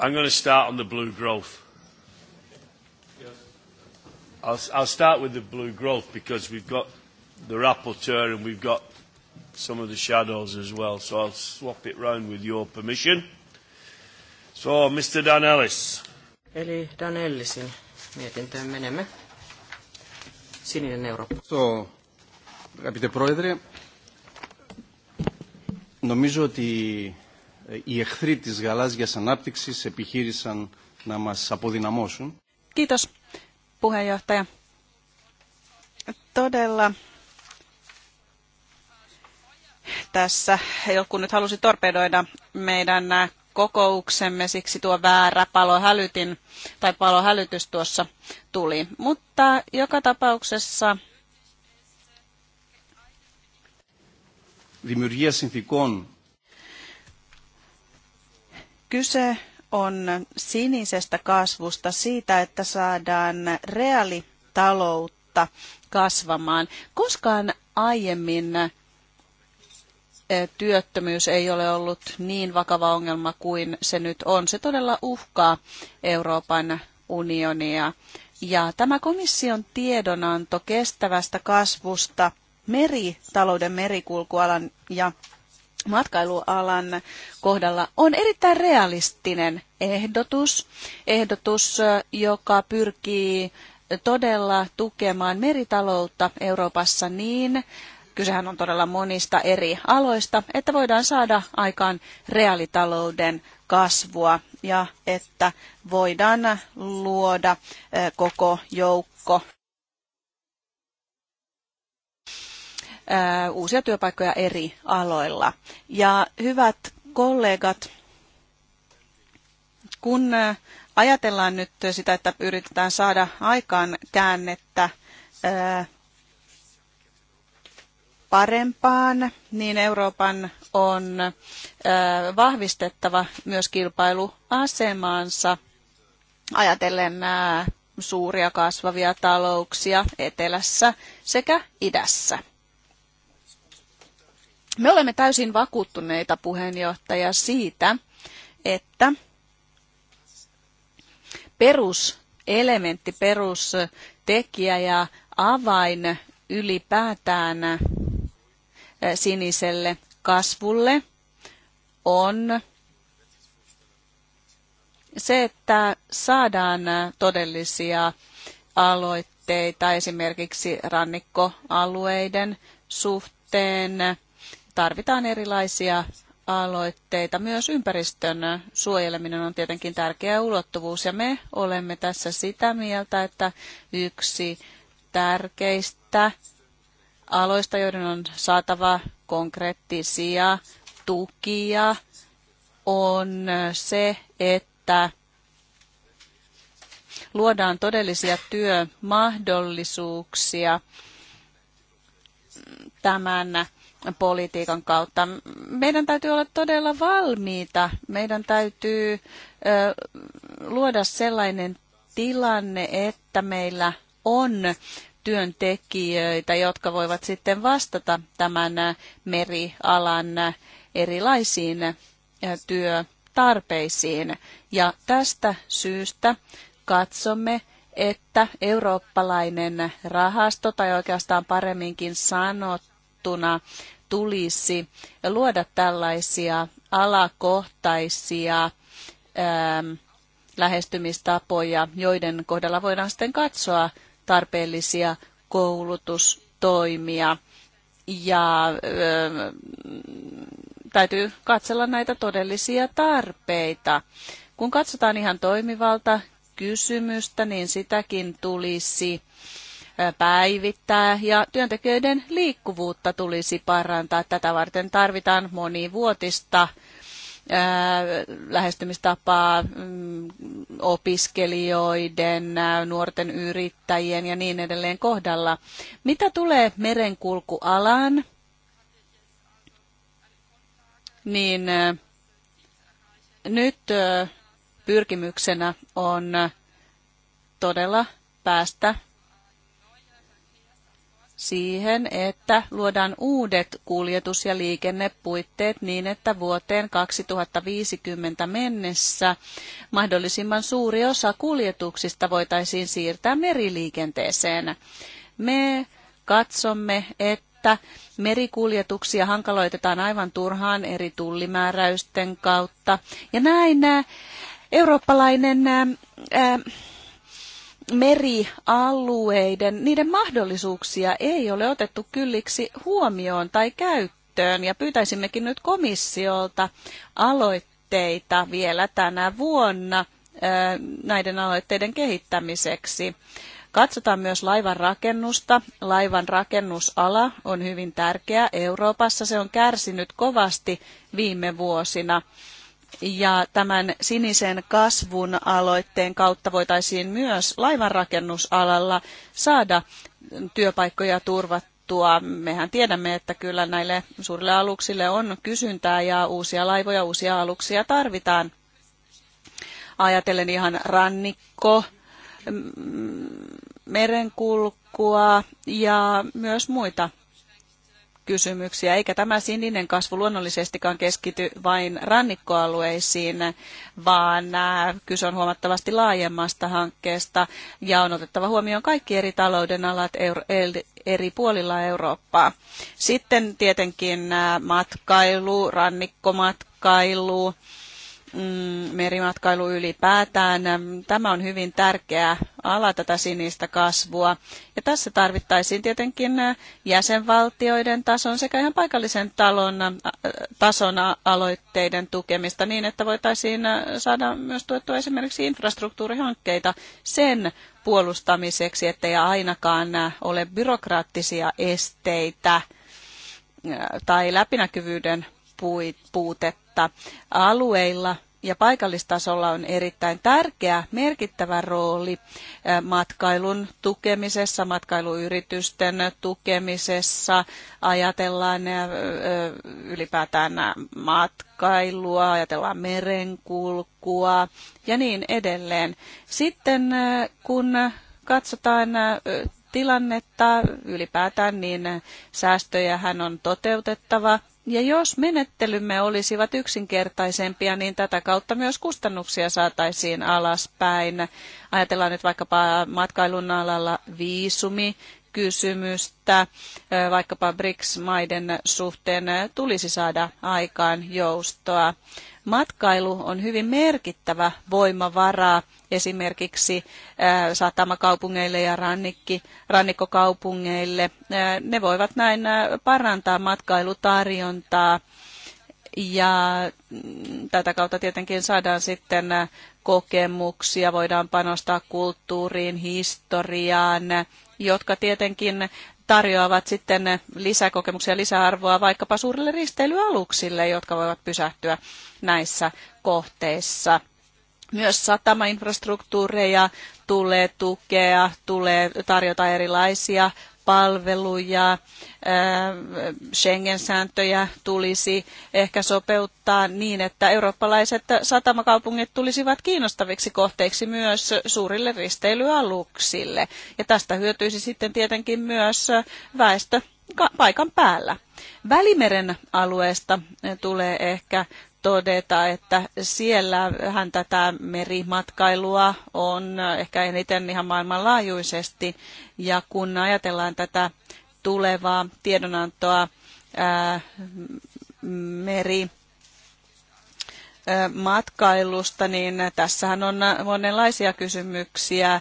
I'm going to start on the blue growth. Yes. I'll, I'll start with the blue growth because we've got the rapporteur and we've got some of the shadows as well. So I'll swap it round with your permission. So, Mr. Dan Ellis. Eli Dan Ellisin mietintöön menemme. Sininen Eurooppa. So, αγαπητέ Πρόεδρε, νομίζω ότι οι εχθροί της γαλάζιας ανάπτυξης επιχείρησαν να μας αποδυναμώσουν. Kiitos, puheenjohtaja. Todella tässä joku nyt halusi torpedoida meidän kokouksemme, siksi tuo väärä palohälytin tai palohälytys tuossa tuli. Mutta joka tapauksessa δημιουργία συνθήκων Kyse on sinisestä kasvusta siitä, että saadaan reaalitaloutta kasvamaan. Koskaan aiemmin työttömyys ei ole ollut niin vakava ongelma kuin se nyt on. Se todella uhkaa Euroopan unionia. Ja tämä komission tiedonanto kestävästä kasvusta meritalouden merikulkualan ja matkailualan kohdalla on erittäin realistinen ehdotus, ehdotus, joka pyrkii todella tukemaan meritaloutta Euroopassa niin, kysehän on todella monista eri aloista, että voidaan saada aikaan reaalitalouden kasvua ja että voidaan luoda koko joukko uusia työpaikkoja eri aloilla. Ja hyvät kollegat, kun ajatellaan nyt sitä, että yritetään saada aikaan käännettä parempaan, niin Euroopan on vahvistettava myös kilpailuasemansa ajatellen suuria kasvavia talouksia etelässä sekä idässä. Me olemme täysin vakuuttuneita puheenjohtaja siitä, että peruselementti, perustekijä ja avain ylipäätään äh, siniselle kasvulle on se, että saadaan äh, todellisia aloitteita esimerkiksi rannikkoalueiden suhteen, tarvitaan erilaisia aloitteita. Myös ympäristön suojeleminen on tietenkin tärkeä ulottuvuus ja me olemme tässä sitä mieltä, että yksi tärkeistä aloista, joiden on saatava konkreettisia tukia, on se, että luodaan todellisia työmahdollisuuksia tämän politiikan kautta. Meidän täytyy olla todella valmiita. Meidän täytyy luoda sellainen tilanne, että meillä on työntekijöitä, jotka voivat sitten vastata tämän merialan erilaisiin työtarpeisiin. Ja tästä syystä katsomme, että eurooppalainen rahasto, tai oikeastaan paremminkin sanot, juttuna tulisi luoda tällaisia alakohtaisia ähm, lähestymistapoja, joiden kohdalla voidaan sitten katsoa tarpeellisia koulutustoimia. Ja ö, ähm, täytyy katsella näitä todellisia tarpeita. Kun katsotaan ihan toimivalta kysymystä, niin sitäkin tulisi päivittää ja työntekijöiden liikkuvuutta tulisi parantaa. Tätä varten tarvitaan monivuotista lähestymistapaa mm, opiskelijoiden, nuorten yrittäjien ja niin edelleen kohdalla. Mitä tulee merenkulkualaan, niin nyt pyrkimyksenä on todella päästä siihen, että luodaan uudet kuljetus- ja liikennepuitteet niin, että vuoteen 2050 mennessä mahdollisimman suuri osa kuljetuksista voitaisiin siirtää meriliikenteeseen. Me katsomme, että merikuljetuksia hankaloitetaan aivan turhaan eri tullimääräysten kautta. Ja näin äh, eurooppalainen ää, äh, äh, merialueiden, niiden mahdollisuuksia ei ole otettu kylliksi huomioon tai käyttöön ja pyytäisimmekin nyt komissiolta aloitteita vielä tänä vuonna näiden aloitteiden kehittämiseksi. Katsotaan myös laivan rakennusta. Laivan rakennusala on hyvin tärkeä Euroopassa. Se on kärsinyt kovasti viime vuosina ja tämän sinisen kasvun aloitteen kautta voitaisiin myös laivanrakennusalalla saada työpaikkoja turvattua. Mehän tiedämme, että kyllä näille suurille aluksille on kysyntää ja uusia laivoja, uusia aluksia tarvitaan. Ajatellen ihan rannikko, mm, merenkulkua ja myös muita kysymyksiä, eikä tämä sininen kasvu luonnollisestikaan keskity vain rannikkoalueisiin, vaan äh, kyse on huomattavasti laajemmasta hankkeesta ja on otettava huomioon kaikki eri talouden alat eri puolilla Eurooppaa. Sitten tietenkin äh, matkailu, rannikkomatkailu, Mm, merimatkailu ylipäätään. Tämä on hyvin tärkeä ala tätä sinistä kasvua. Ja tässä tarvittaisiin tietenkin jäsenvaltioiden tason sekä ihan paikallisen talon, tason aloitteiden tukemista niin, että voitaisiin saada myös tuettua esimerkiksi infrastruktuurihankkeita sen puolustamiseksi, ettei ainakaan ole byrokraattisia esteitä tai läpinäkyvyyden puutetta. Alueilla ja paikallistasolla on erittäin tärkeä, merkittävä rooli matkailun tukemisessa, matkailuyritysten tukemisessa. Ajatellaan ylipäätään matkailua, ajatellaan merenkulkua ja niin edelleen. Sitten kun katsotaan tilannetta ylipäätään, niin säästöjähän on toteutettava ja jos menettelymme olisivat yksinkertaisempia, niin tätä kautta myös kustannuksia saataisiin alaspäin. Ajatellaan nyt vaikkapa matkailun alalla viisumi kysymystä vaikkapa BRICS-maiden suhteen tulisi saada aikaan joustoa. Matkailu on hyvin merkittävä voimavara esimerkiksi satamakaupungeille ja rannikki, rannikkokaupungeille. Ne voivat näin parantaa matkailutarjontaa ja mm, tätä kautta tietenkin saadaan sitten kokemuksia, voidaan panostaa kulttuuriin, historiaan jotka tietenkin tarjoavat sitten lisäkokemuksia, lisäarvoa vaikkapa suurille risteilyaluksille, jotka voivat pysähtyä näissä kohteissa. Myös satamainfrastruktuureja tulee tukea, tulee tarjota erilaisia palveluja, äh, Schengen-sääntöjä tulisi ehkä sopeuttaa niin, että eurooppalaiset satamakaupungit tulisivat kiinnostaviksi kohteiksi myös suurille risteilyaluksille. Ja tästä hyötyisi sitten tietenkin myös väestö paikan päällä. Välimeren alueesta tulee ehkä todeta, että siellähän tätä merimatkailua on ehkä eniten ihan maailmanlaajuisesti. Ja kun ajatellaan tätä tulevaa tiedonantoa ää, meri matkailusta, niin tässähän on monenlaisia kysymyksiä,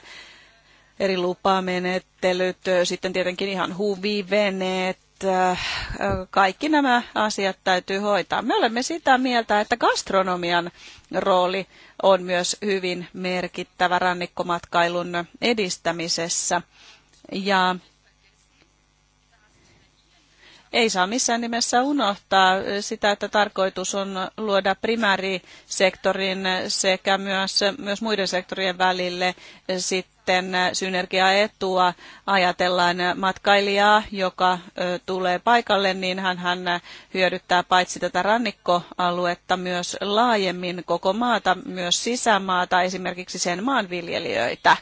eri lupamenettelyt, sitten tietenkin ihan huviveneet, Äh, kaikki nämä asiat täytyy hoitaa. Me olemme sitä mieltä, että gastronomian rooli on myös hyvin merkittävä rannikkomatkailun edistämisessä. Ja ei saa missään nimessä unohtaa sitä, että tarkoitus on luoda primäärisektorin sekä myös, myös muiden sektorien välille sitten synergiaetua. Ajatellaan matkailijaa, joka tulee paikalle, niin hän, hän hyödyttää paitsi tätä rannikkoaluetta myös laajemmin koko maata, myös sisämaata, esimerkiksi sen maanviljelijöitä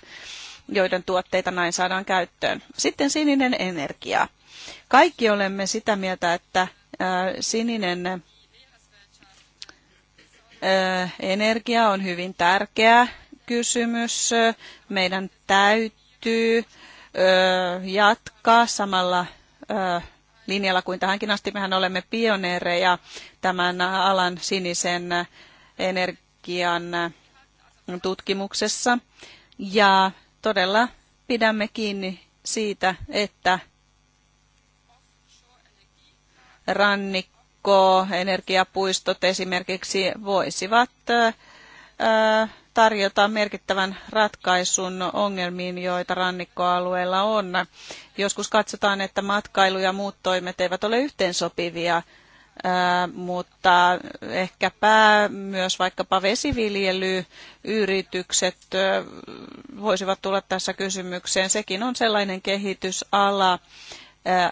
joiden tuotteita näin saadaan käyttöön. Sitten sininen energia. Kaikki olemme sitä mieltä, että äh, sininen äh, energia on hyvin tärkeä kysymys. Meidän täytyy äh, jatkaa samalla linjalla kuin tähänkin asti. Mehän olemme pioneereja tämän alan sinisen energian tutkimuksessa. Ja todella pidämme kiinni siitä, että rannikko, energiapuistot esimerkiksi voisivat tarjota merkittävän ratkaisun ongelmiin, joita rannikkoalueella on. Joskus katsotaan, että matkailu ja muut toimet eivät ole yhteensopivia, mutta ehkäpä myös vaikkapa vesiviljelyyritykset voisivat tulla tässä kysymykseen. Sekin on sellainen kehitysala,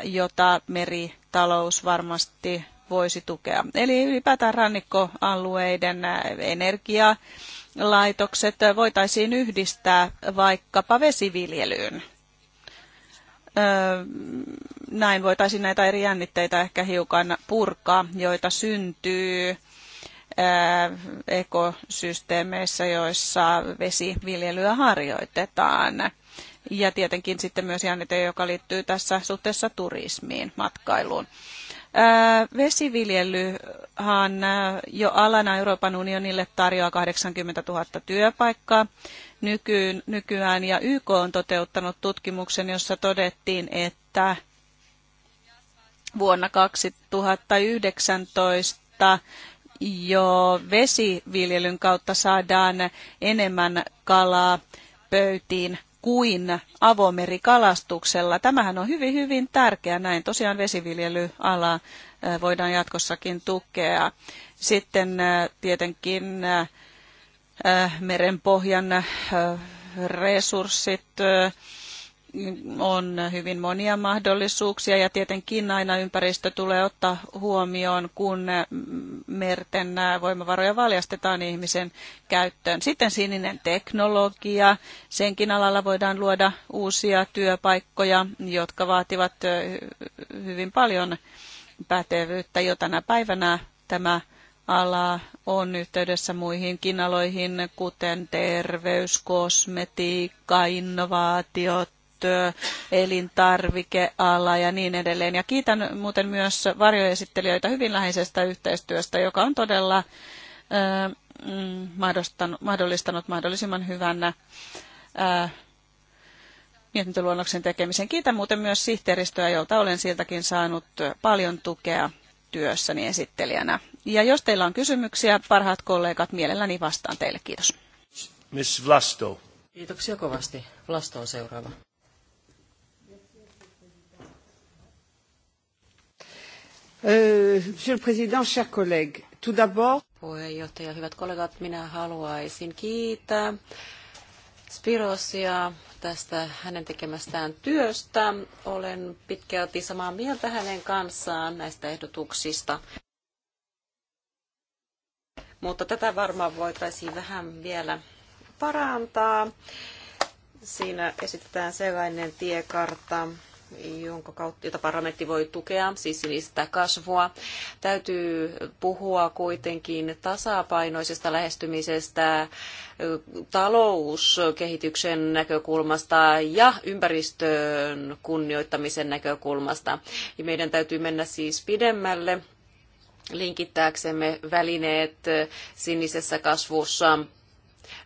jota meritalous varmasti voisi tukea. Eli ylipäätään rannikkoalueiden energialaitokset voitaisiin yhdistää vaikkapa vesiviljelyyn. Näin voitaisiin näitä eri jännitteitä ehkä hiukan purkaa, joita syntyy ekosysteemeissä, joissa vesiviljelyä harjoitetaan ja tietenkin sitten myös jännite, joka liittyy tässä suhteessa turismiin, matkailuun. Vesiviljelyhan jo alana Euroopan unionille tarjoaa 80 000 työpaikkaa nykyään ja YK on toteuttanut tutkimuksen, jossa todettiin, että vuonna 2019 jo vesiviljelyn kautta saadaan enemmän kalaa pöytiin kuin avomerikalastuksella. Tämähän on hyvin, hyvin tärkeä. Näin tosiaan vesiviljelyala voidaan jatkossakin tukea. Sitten tietenkin merenpohjan resurssit, on hyvin monia mahdollisuuksia ja tietenkin aina ympäristö tulee ottaa huomioon, kun merten voimavaroja valjastetaan ihmisen käyttöön. Sitten sininen teknologia. Senkin alalla voidaan luoda uusia työpaikkoja, jotka vaativat hyvin paljon pätevyyttä jo tänä päivänä tämä ala on yhteydessä muihinkin aloihin, kuten terveys, kosmetiikka, innovaatiot, elintarvikeala ja niin edelleen. Ja kiitän muuten myös varjoesittelijöitä hyvin läheisestä yhteistyöstä, joka on todella mm, mahdollistanut mahdollisimman hyvän mietintöluonnoksen tekemisen. Kiitän muuten myös sihteeristöä, jolta olen siltäkin saanut paljon tukea työssäni esittelijänä. Ja jos teillä on kysymyksiä, parhaat kollegat, mielelläni vastaan teille. Kiitos. Miss Vlasto. Kiitoksia kovasti. Vlasto on seuraava. Euh, Monsieur le Président, chers collègues, tout d'abord... Puheenjohtaja, hyvät kollegat, minä haluaisin kiittää Spirosia tästä hänen tekemästään työstä. Olen pitkälti samaa mieltä hänen kanssaan näistä ehdotuksista. Mutta tätä varmaan voitaisiin vähän vielä parantaa. Siinä esitetään sellainen tiekartta, jonka kautta, jota parlamentti voi tukea, siis sinistä kasvua. Täytyy puhua kuitenkin tasapainoisesta lähestymisestä talouskehityksen näkökulmasta ja ympäristön kunnioittamisen näkökulmasta. Ja meidän täytyy mennä siis pidemmälle linkittääksemme välineet sinisessä kasvussa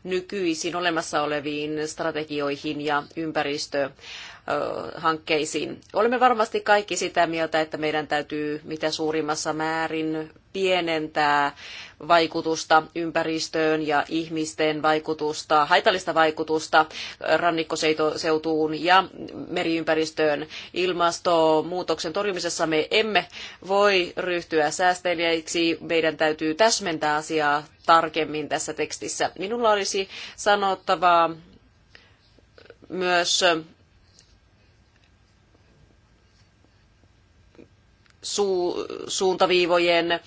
nykyisin olemassa oleviin strategioihin ja ympäristö hankkeisiin. Olemme varmasti kaikki sitä mieltä, että meidän täytyy mitä suurimmassa määrin pienentää vaikutusta ympäristöön ja ihmisten vaikutusta, haitallista vaikutusta rannikkoseutuun ja meriympäristöön. Ilmastonmuutoksen torjumisessa me emme voi ryhtyä säästelijäiksi. Meidän täytyy täsmentää asiaa tarkemmin tässä tekstissä. Minulla olisi sanottavaa myös su- suuntaviivojen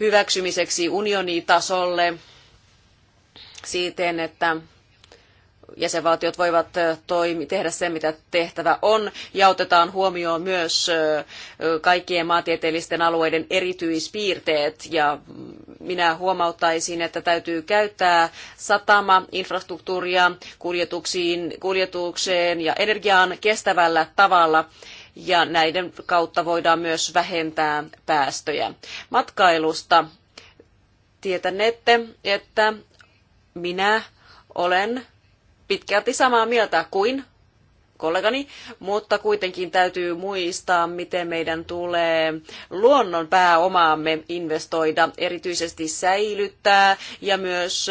hyväksymiseksi unionitasolle siten, että jäsenvaltiot voivat toimi, tehdä sen, mitä tehtävä on, ja otetaan huomioon myös kaikkien maantieteellisten alueiden erityispiirteet. Ja minä huomauttaisin, että täytyy käyttää satama, infrastruktuuria kuljetuksiin, kuljetukseen ja energiaan kestävällä tavalla ja näiden kautta voidaan myös vähentää päästöjä. Matkailusta tietänette, että minä olen pitkälti samaa mieltä kuin kollegani, mutta kuitenkin täytyy muistaa, miten meidän tulee luonnon pääomaamme investoida, erityisesti säilyttää ja myös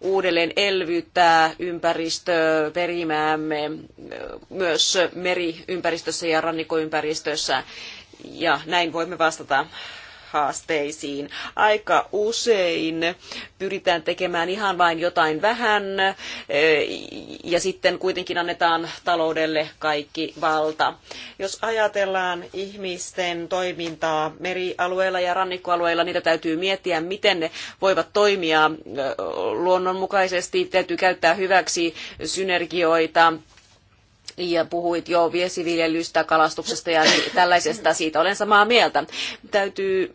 uudelleen elvyttää ympäristöperimäämme myös meriympäristössä ja rannikoympäristössä. Ja näin voimme vastata haasteisiin. Aika usein pyritään tekemään ihan vain jotain vähän eh, ja sitten kuitenkin annetaan taloudelle kaikki valta. Jos ajatellaan ihmisten toimintaa merialueilla ja rannikkoalueilla, niitä täytyy miettiä, miten ne voivat toimia eh, luonnonmukaisesti. Täytyy käyttää hyväksi synergioita ja puhuit jo viesiviljelystä, kalastuksesta ja tällaisesta. Siitä olen samaa mieltä. Täytyy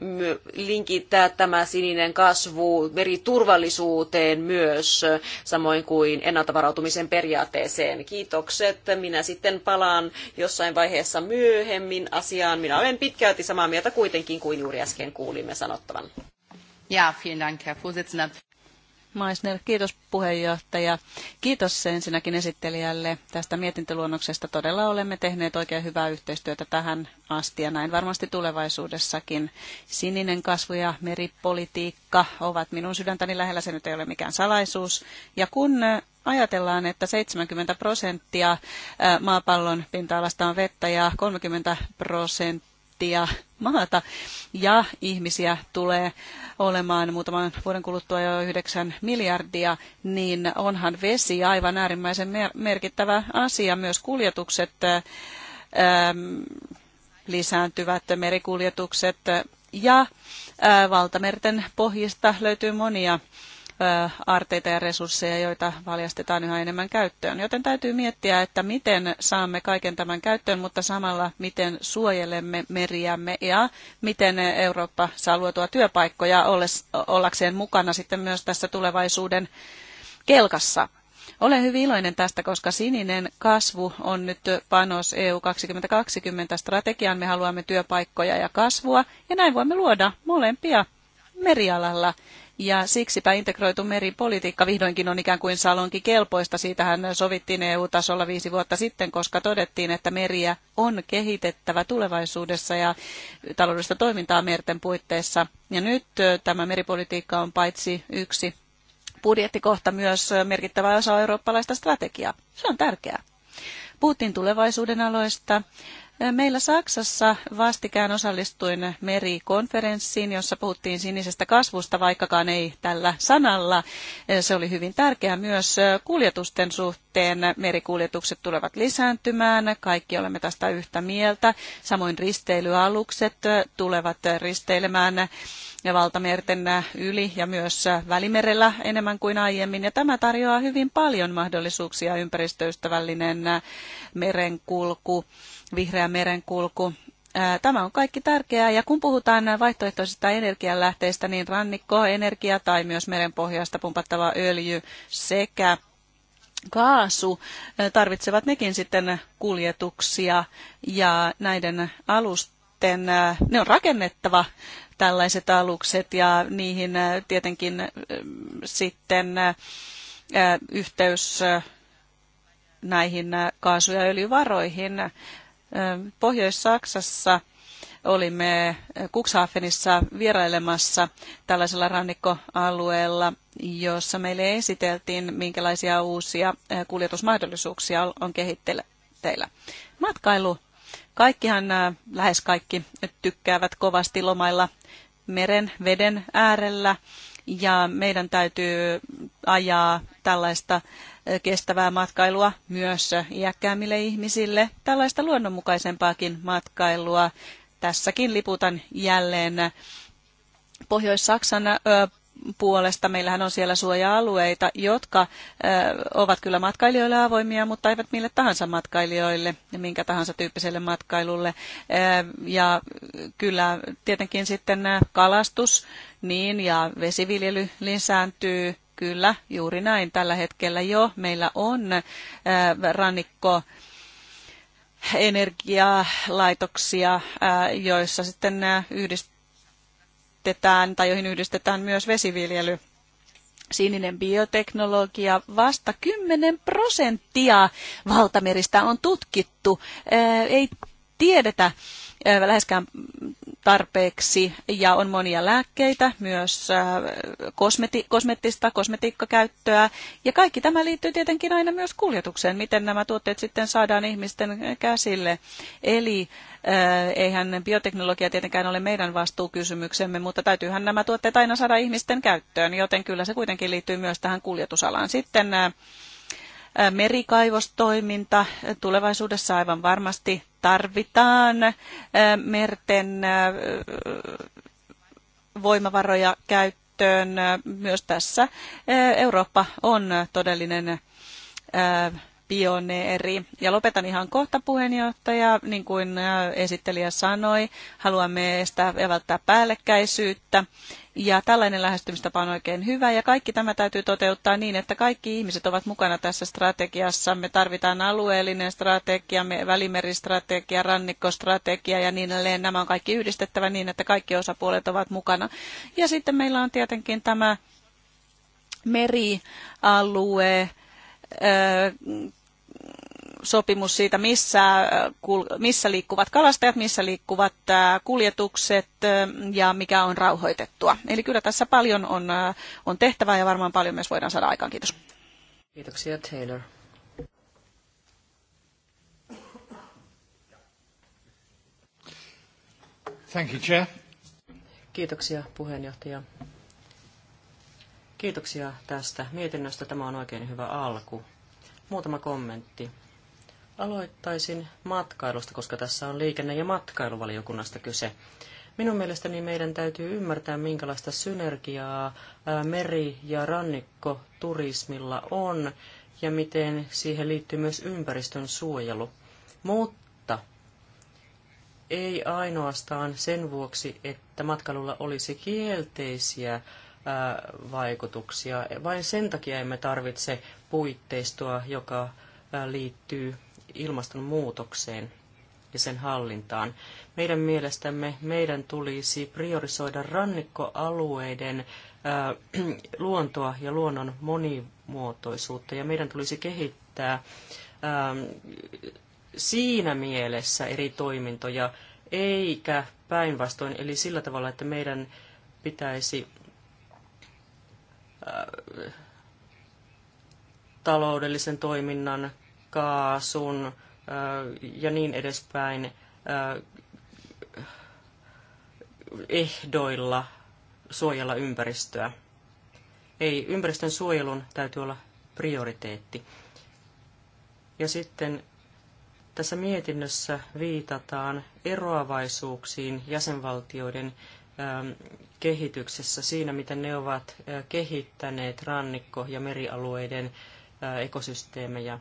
linkittää tämä sininen kasvu meriturvallisuuteen myös, samoin kuin ennaltavarautumisen periaatteeseen. Kiitokset. Minä sitten palaan jossain vaiheessa myöhemmin asiaan. Minä olen pitkälti samaa mieltä kuitenkin kuin juuri äsken kuulimme sanottavan. Ja, vielen Dank, Herr Vorsitzender. Maisner, kiitos puheenjohtaja. Kiitos ensinnäkin esittelijälle tästä mietintöluonnoksesta. Todella olemme tehneet oikein hyvää yhteistyötä tähän asti ja näin varmasti tulevaisuudessakin. Sininen kasvu ja meripolitiikka ovat minun sydäntäni lähellä, se nyt ei ole mikään salaisuus. Ja kun ajatellaan, että 70 prosenttia maapallon pinta-alasta on vettä ja 30 prosenttia prosenttia maata ja ihmisiä tulee olemaan muutaman vuoden kuluttua jo 9 miljardia, niin onhan vesi aivan äärimmäisen merkittävä asia. Myös kuljetukset ähm, lisääntyvät, merikuljetukset ja äh, valtamerten pohjista löytyy monia aarteita ja resursseja, joita valjastetaan yhä enemmän käyttöön. Joten täytyy miettiä, että miten saamme kaiken tämän käyttöön, mutta samalla miten suojelemme meriämme ja miten Eurooppa saa luotua työpaikkoja ollakseen mukana sitten myös tässä tulevaisuuden kelkassa. Olen hyvin iloinen tästä, koska sininen kasvu on nyt panos EU 2020 strategiaan. Me haluamme työpaikkoja ja kasvua ja näin voimme luoda molempia merialalla ja siksipä integroitu meripolitiikka vihdoinkin on ikään kuin salonki kelpoista. Siitähän sovittiin EU-tasolla viisi vuotta sitten, koska todettiin, että meriä on kehitettävä tulevaisuudessa ja taloudellista toimintaa merten puitteissa. Ja nyt tämä meripolitiikka on paitsi yksi budjettikohta myös merkittävä osa eurooppalaista strategiaa. Se on tärkeää. Puhuttiin tulevaisuuden aloista, Meillä Saksassa vastikään osallistuin merikonferenssiin, jossa puhuttiin sinisestä kasvusta, vaikkakaan ei tällä sanalla. Se oli hyvin tärkeää myös kuljetusten suhteen. Merikuljetukset tulevat lisääntymään, kaikki olemme tästä yhtä mieltä. Samoin risteilyalukset tulevat risteilemään ja valtamerten yli ja myös välimerellä enemmän kuin aiemmin. Ja tämä tarjoaa hyvin paljon mahdollisuuksia ympäristöystävällinen merenkulku, vihreä vihreä merenkulku. Tämä on kaikki tärkeää ja kun puhutaan vaihtoehtoisista energianlähteistä, niin energia tai myös merenpohjasta pumpattava öljy sekä kaasu tarvitsevat nekin sitten kuljetuksia ja näiden alusten, ne on rakennettava tällaiset alukset ja niihin tietenkin sitten yhteys näihin kaasu- ja öljyvaroihin Pohjois-Saksassa olimme Cuxhavenissa vierailemassa tällaisella rannikkoalueella, jossa meille esiteltiin, minkälaisia uusia kuljetusmahdollisuuksia on kehitteillä. Matkailu. Kaikkihan, lähes kaikki, tykkäävät kovasti lomailla meren, veden äärellä ja meidän täytyy ajaa tällaista kestävää matkailua myös iäkkäämmille ihmisille, tällaista luonnonmukaisempaakin matkailua. Tässäkin liputan jälleen Pohjois-Saksan puolesta. Meillähän on siellä suoja-alueita, jotka ovat kyllä matkailijoille avoimia, mutta eivät mille tahansa matkailijoille ja minkä tahansa tyyppiselle matkailulle. Ja kyllä tietenkin sitten kalastus niin ja vesiviljely lisääntyy Kyllä, juuri näin. Tällä hetkellä jo meillä on äh, rannikko äh, energialaitoksia, äh, joissa sitten yhdistetään tai joihin yhdistetään myös vesiviljely sininen bioteknologia, vasta 10 prosenttia valtameristä on tutkittu. Ei tiedetä läheskään tarpeeksi ja on monia lääkkeitä, myös äh, kosmeti- kosmettista, kosmetiikkakäyttöä. Ja kaikki tämä liittyy tietenkin aina myös kuljetukseen, miten nämä tuotteet sitten saadaan ihmisten käsille. Eli äh, eihän bioteknologia tietenkään ole meidän vastuukysymyksemme, mutta täytyyhän nämä tuotteet aina saada ihmisten käyttöön, joten kyllä se kuitenkin liittyy myös tähän kuljetusalaan. Sitten äh, merikaivostoiminta tulevaisuudessa aivan varmasti tarvitaan merten voimavaroja käyttöön. Myös tässä Eurooppa on todellinen pioneeri. Ja lopetan ihan kohta puheenjohtaja, niin kuin esittelijä sanoi, haluamme estää ja välttää päällekkäisyyttä ja tällainen lähestymistapa on oikein hyvä ja kaikki tämä täytyy toteuttaa niin, että kaikki ihmiset ovat mukana tässä strategiassa. Me tarvitaan alueellinen strategia, me välimeristrategia, rannikkostrategia ja niin edelleen. Nämä on kaikki yhdistettävä niin, että kaikki osapuolet ovat mukana. Ja sitten meillä on tietenkin tämä merialue, sopimus siitä, missä, missä liikkuvat kalastajat, missä liikkuvat kuljetukset ja mikä on rauhoitettua. Eli kyllä tässä paljon on, on tehtävää ja varmaan paljon myös voidaan saada aikaan. Kiitos. Kiitoksia Taylor. Thank you, Chair. Kiitoksia puheenjohtaja. Kiitoksia tästä mietinnöstä. Tämä on oikein hyvä alku. Muutama kommentti. Aloittaisin matkailusta, koska tässä on liikenne- ja matkailuvaliokunnasta kyse. Minun mielestäni meidän täytyy ymmärtää, minkälaista synergiaa meri- ja rannikkoturismilla on ja miten siihen liittyy myös ympäristön suojelu. Mutta ei ainoastaan sen vuoksi, että matkailulla olisi kielteisiä vaikutuksia. Vain sen takia emme tarvitse puitteistoa, joka liittyy ilmastonmuutokseen ja sen hallintaan. Meidän mielestämme meidän tulisi priorisoida rannikkoalueiden ää, luontoa ja luonnon monimuotoisuutta, ja meidän tulisi kehittää ää, siinä mielessä eri toimintoja, eikä päinvastoin, eli sillä tavalla, että meidän pitäisi ää, taloudellisen toiminnan kaasun ja niin edespäin ehdoilla suojella ympäristöä. Ei, ympäristön suojelun täytyy olla prioriteetti. Ja sitten tässä mietinnössä viitataan eroavaisuuksiin jäsenvaltioiden kehityksessä siinä, miten ne ovat kehittäneet rannikko- ja merialueiden ekosysteemejä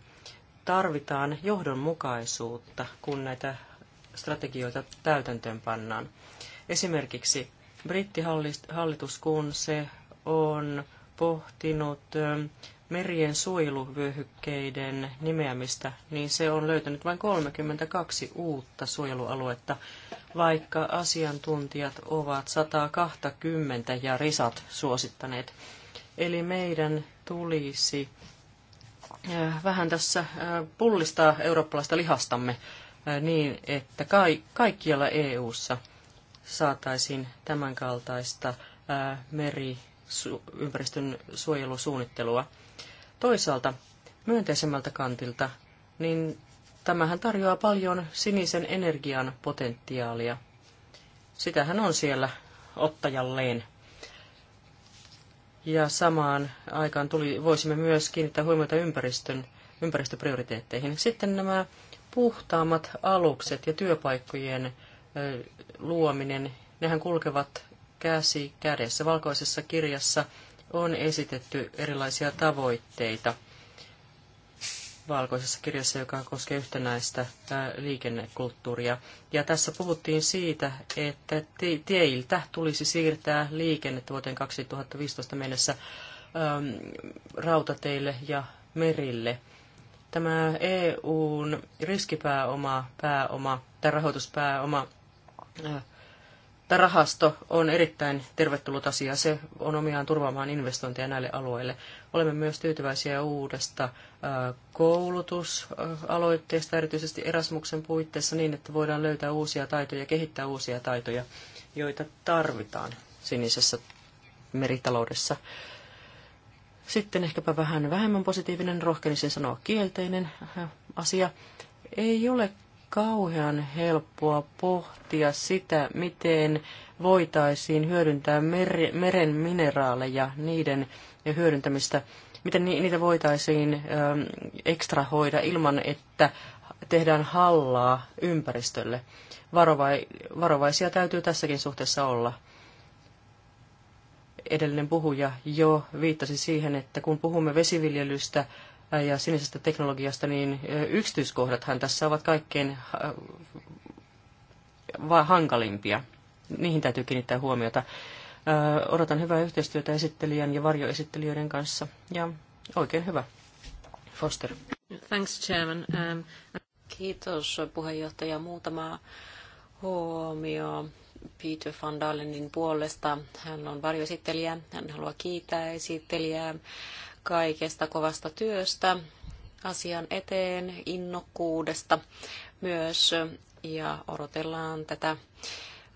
tarvitaan johdonmukaisuutta, kun näitä strategioita täytäntöön pannaan. Esimerkiksi brittihallitus, kun se on pohtinut merien suojeluvyöhykkeiden nimeämistä, niin se on löytänyt vain 32 uutta suojelualuetta, vaikka asiantuntijat ovat 120 ja risat suosittaneet. Eli meidän tulisi Äh, vähän tässä äh, pullistaa eurooppalaista lihastamme äh, niin, että kaikkialla EU-ssa saataisiin tämänkaltaista meriympäristön suojelusuunnittelua. Toisaalta myönteisemmältä kantilta, niin tämähän tarjoaa paljon sinisen energian potentiaalia. Sitähän on siellä ottajalleen ja samaan aikaan tuli, voisimme myös kiinnittää huomiota ympäristön, ympäristöprioriteetteihin. Sitten nämä puhtaammat alukset ja työpaikkojen luominen, nehän kulkevat käsi kädessä. Valkoisessa kirjassa on esitetty erilaisia tavoitteita valkoisessa kirjassa, joka koskee yhtenäistä liikennekulttuuria. Ja tässä puhuttiin siitä, että tieiltä tulisi siirtää liikennettä vuoteen 2015 mennessä rautateille ja merille. Tämä EUn riskipääoma, pääoma tai rahoituspääoma tämä rahasto on erittäin tervetullut asia. Se on omiaan turvaamaan investointeja näille alueille. Olemme myös tyytyväisiä uudesta koulutusaloitteesta, erityisesti Erasmuksen puitteissa, niin että voidaan löytää uusia taitoja, kehittää uusia taitoja, joita tarvitaan sinisessä meritaloudessa. Sitten ehkäpä vähän vähemmän positiivinen, rohkenisin sanoa kielteinen asia. Ei ole kauhean helppoa pohtia sitä, miten voitaisiin hyödyntää meren mineraaleja, niiden hyödyntämistä, miten niitä voitaisiin ähm, ekstrahoida ilman, että tehdään hallaa ympäristölle. varovaisia täytyy tässäkin suhteessa olla. Edellinen puhuja jo viittasi siihen, että kun puhumme vesiviljelystä, Äh, ja sinisestä teknologiasta, niin äh, yksityiskohdathan tässä ovat kaikkein äh, hankalimpia. Niihin täytyy kiinnittää huomiota. Odotan hyvää yhteistyötä esittelijän ja varjoesittelijöiden kanssa. Ja oikein hyvä. Foster. Thanks, Chairman. Um, kiitos puheenjohtaja. Muutama huomio Peter van Dalenin puolesta. Hän on varjoesittelijä. Hän haluaa kiittää esittelijää kaikesta kovasta työstä asian eteen, innokkuudesta myös ja odotellaan tätä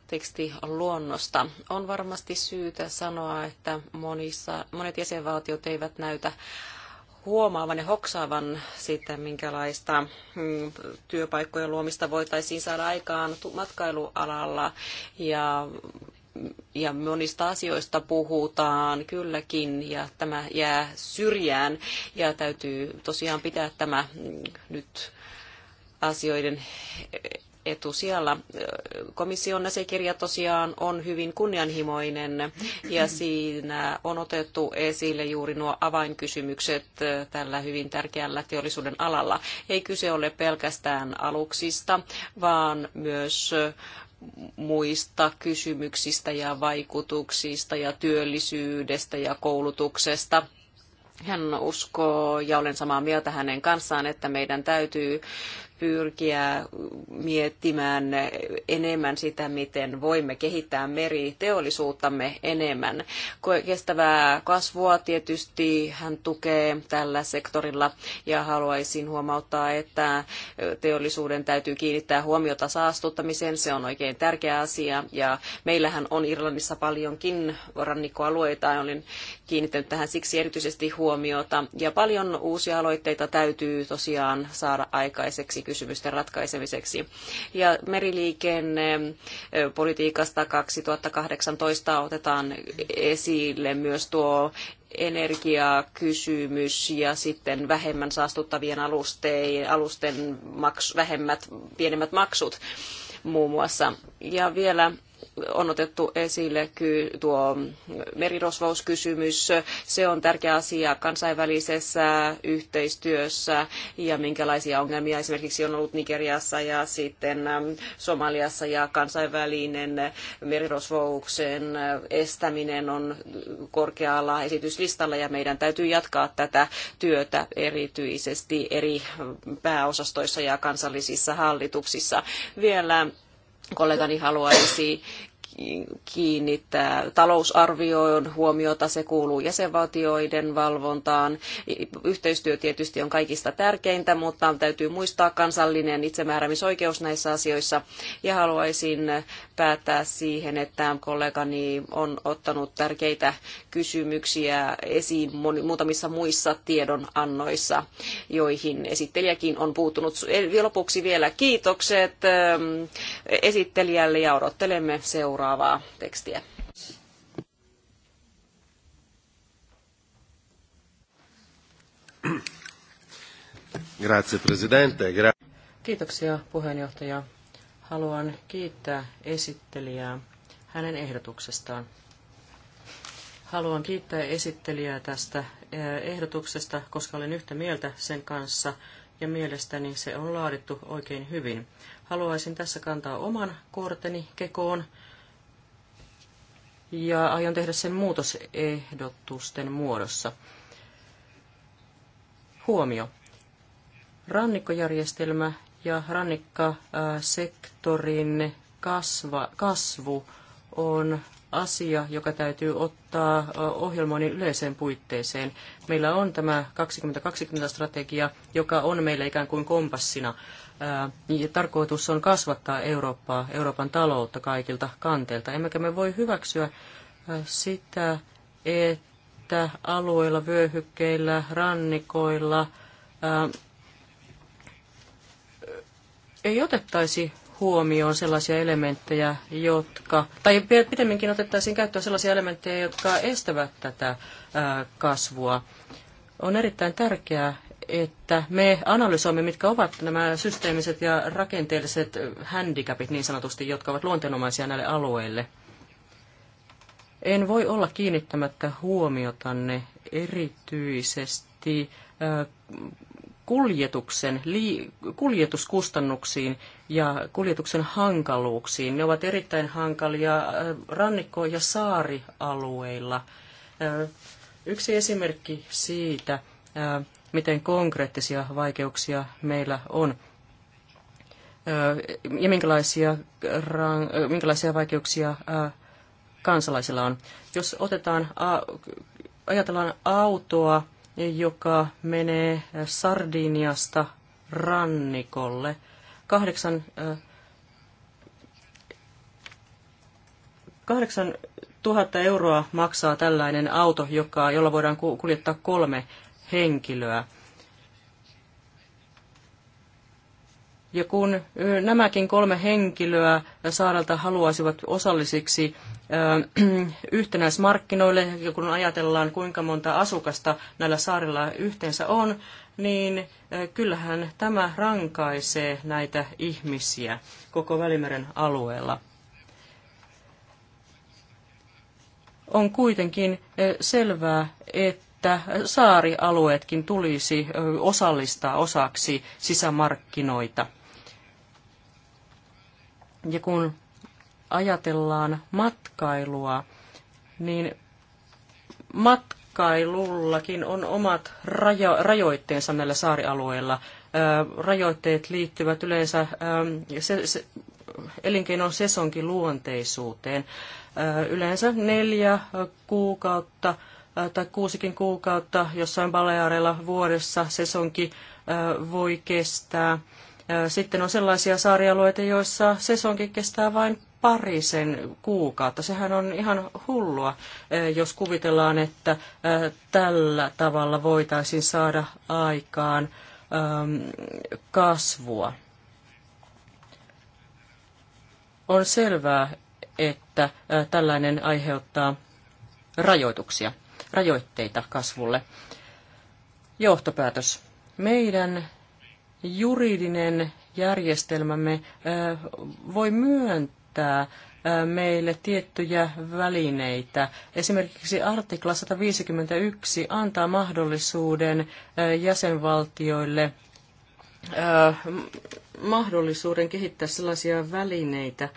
teksti luonnosta On varmasti syytä sanoa, että monissa, monet jäsenvaltiot eivät näytä huomaavan ja hoksaavan sitten minkälaista mm, työpaikkojen luomista voitaisiin saada aikaan matkailualalla ja ja monista asioista puhutaan kylläkin ja tämä jää syrjään ja täytyy tosiaan pitää tämä nyt asioiden etusijalla. Komission asiakirja tosiaan on hyvin kunnianhimoinen ja siinä on otettu esille juuri nuo avainkysymykset tällä hyvin tärkeällä teollisuuden alalla. Ei kyse ole pelkästään aluksista, vaan myös muista kysymyksistä ja vaikutuksista ja työllisyydestä ja koulutuksesta. Hän uskoo, ja olen samaa mieltä hänen kanssaan, että meidän täytyy pyrkiä miettimään enemmän sitä, miten voimme kehittää meriteollisuuttamme enemmän. Kestävää kasvua tietysti hän tukee tällä sektorilla ja haluaisin huomauttaa, että teollisuuden täytyy kiinnittää huomiota saastuttamiseen. Se on oikein tärkeä asia ja meillähän on Irlannissa paljonkin rannikkoalueita ja olin kiinnittänyt tähän siksi erityisesti huomiota ja paljon uusia aloitteita täytyy tosiaan saada aikaiseksi kysymysten ratkaisemiseksi. Ja meriliikennepolitiikasta 2018 otetaan esille myös tuo energiakysymys ja sitten vähemmän saastuttavien alusten, alusten maks, vähemmät, pienemmät maksut muun muassa. Ja vielä on otettu esille tuo merirosvouskysymys. Se on tärkeä asia kansainvälisessä yhteistyössä ja minkälaisia ongelmia esimerkiksi on ollut Nigeriassa ja sitten Somaliassa ja kansainvälinen merirosvouksen estäminen on korkealla esityslistalla ja meidän täytyy jatkaa tätä työtä erityisesti eri pääosastoissa ja kansallisissa hallituksissa. Vielä kollegani haluaisi kiinnittää talousarvioon huomiota, se kuuluu jäsenvaltioiden valvontaan. Yhteistyö tietysti on kaikista tärkeintä, mutta täytyy muistaa kansallinen itsemääräämisoikeus näissä asioissa. Ja haluaisin päättää siihen, että kollegani on ottanut tärkeitä kysymyksiä esiin muutamissa muissa tiedonannoissa, joihin esittelijäkin on puuttunut. Lopuksi vielä kiitokset ähm, esittelijälle ja odottelemme seuraa seuraavaa tekstiä. Kiitoksia puheenjohtaja. Haluan kiittää esittelijää hänen ehdotuksestaan. Haluan kiittää esittelijää tästä eh, ehdotuksesta, koska olen yhtä mieltä sen kanssa ja mielestäni se on laadittu oikein hyvin. Haluaisin tässä kantaa oman korteni kekoon ja aion tehdä sen muutosehdotusten muodossa. Huomio. Rannikkojärjestelmä ja rannikkasektorin kasva, kasvu on asia, joka täytyy ottaa ohjelmoinnin yleiseen puitteeseen. Meillä on tämä 2020-strategia, joka on meillä ikään kuin kompassina ja niin tarkoitus on kasvattaa Eurooppaa, Euroopan taloutta kaikilta kanteilta. Emmekä me voi hyväksyä sitä, että alueilla, vyöhykkeillä, rannikoilla ei otettaisi huomioon sellaisia elementtejä, jotka, tai pitemminkin otettaisiin käyttöön sellaisia elementtejä, jotka estävät tätä kasvua. On erittäin tärkeää, että me analysoimme, mitkä ovat nämä systeemiset ja rakenteelliset handicapit niin sanotusti, jotka ovat luonteenomaisia näille alueille. En voi olla kiinnittämättä huomiotanne erityisesti äh, kuljetuksen, kuljetuskustannuksiin ja kuljetuksen hankaluuksiin. Ne ovat erittäin hankalia äh, rannikko- ja saarialueilla. Äh, yksi esimerkki siitä miten konkreettisia vaikeuksia meillä on ja minkälaisia, minkälaisia vaikeuksia kansalaisilla on. Jos otetaan, ajatellaan autoa, joka menee Sardiniasta rannikolle, kahdeksan, kahdeksan tuhatta euroa maksaa tällainen auto, joka, jolla voidaan kuljettaa kolme henkilöä. Ja kun nämäkin kolme henkilöä saarelta haluaisivat osallisiksi yhtenäismarkkinoille, ja kun ajatellaan kuinka monta asukasta näillä saarilla yhteensä on, niin kyllähän tämä rankaisee näitä ihmisiä koko Välimeren alueella. On kuitenkin selvää, että että saarialueetkin tulisi osallistaa osaksi sisämarkkinoita. Ja kun ajatellaan matkailua, niin matkailullakin on omat rajo- rajoitteensa näillä saarialueilla. Ö, rajoitteet liittyvät yleensä ö, se, se, elinkeinon sesonkin luonteisuuteen. Ö, yleensä neljä kuukautta Äh, tai kuusikin kuukautta jossain Baleareilla vuodessa sesonki äh, voi kestää. Äh, sitten on sellaisia saarialueita, joissa sesonki kestää vain parisen kuukautta. Sehän on ihan hullua, jos kuvitellaan, että tällä tavalla voitaisiin saada aikaan ähm, kasvua. On selvää, että tällainen aiheuttaa rajoituksia rajoitteita kasvulle. Johtopäätös. Meidän juridinen järjestelmämme voi myöntää meille tiettyjä välineitä. Esimerkiksi artikla 151 antaa mahdollisuuden jäsenvaltioille mahdollisuuden kehittää sellaisia välineitä,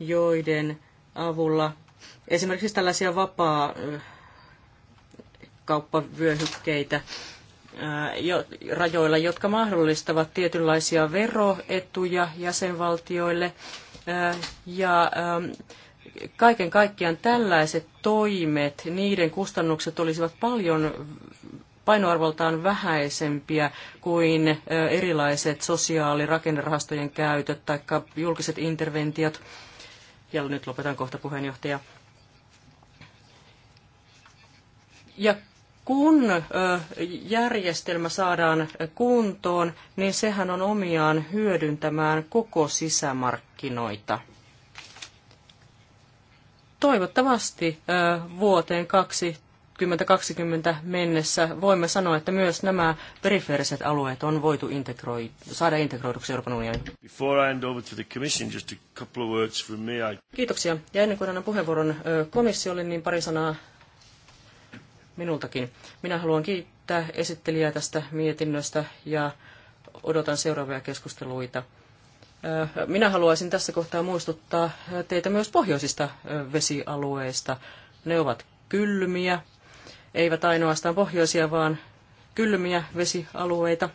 joiden avulla esimerkiksi tällaisia vapaa kauppavyöhykkeitä rajoilla, jotka mahdollistavat tietynlaisia veroetuja jäsenvaltioille. Ja kaiken kaikkiaan tällaiset toimet, niiden kustannukset olisivat paljon painoarvoltaan vähäisempiä kuin erilaiset sosiaalirakennerahastojen käytöt tai julkiset interventiot. Ja nyt lopetan kohta puheenjohtaja. Ja kun järjestelmä saadaan kuntoon, niin sehän on omiaan hyödyntämään koko sisämarkkinoita. Toivottavasti vuoteen 2020 mennessä voimme sanoa, että myös nämä perifeeriset alueet on voitu integroi, saada integroiduksi Euroopan unioniin. Kiitoksia. Ja ennen kuin annan puheenvuoron komissiolle, niin pari sanaa minultakin. Minä haluan kiittää esittelijää tästä mietinnöstä ja odotan seuraavia keskusteluita. Minä haluaisin tässä kohtaa muistuttaa teitä myös pohjoisista vesialueista. Ne ovat kylmiä, eivät ainoastaan pohjoisia, vaan kylmiä vesialueita.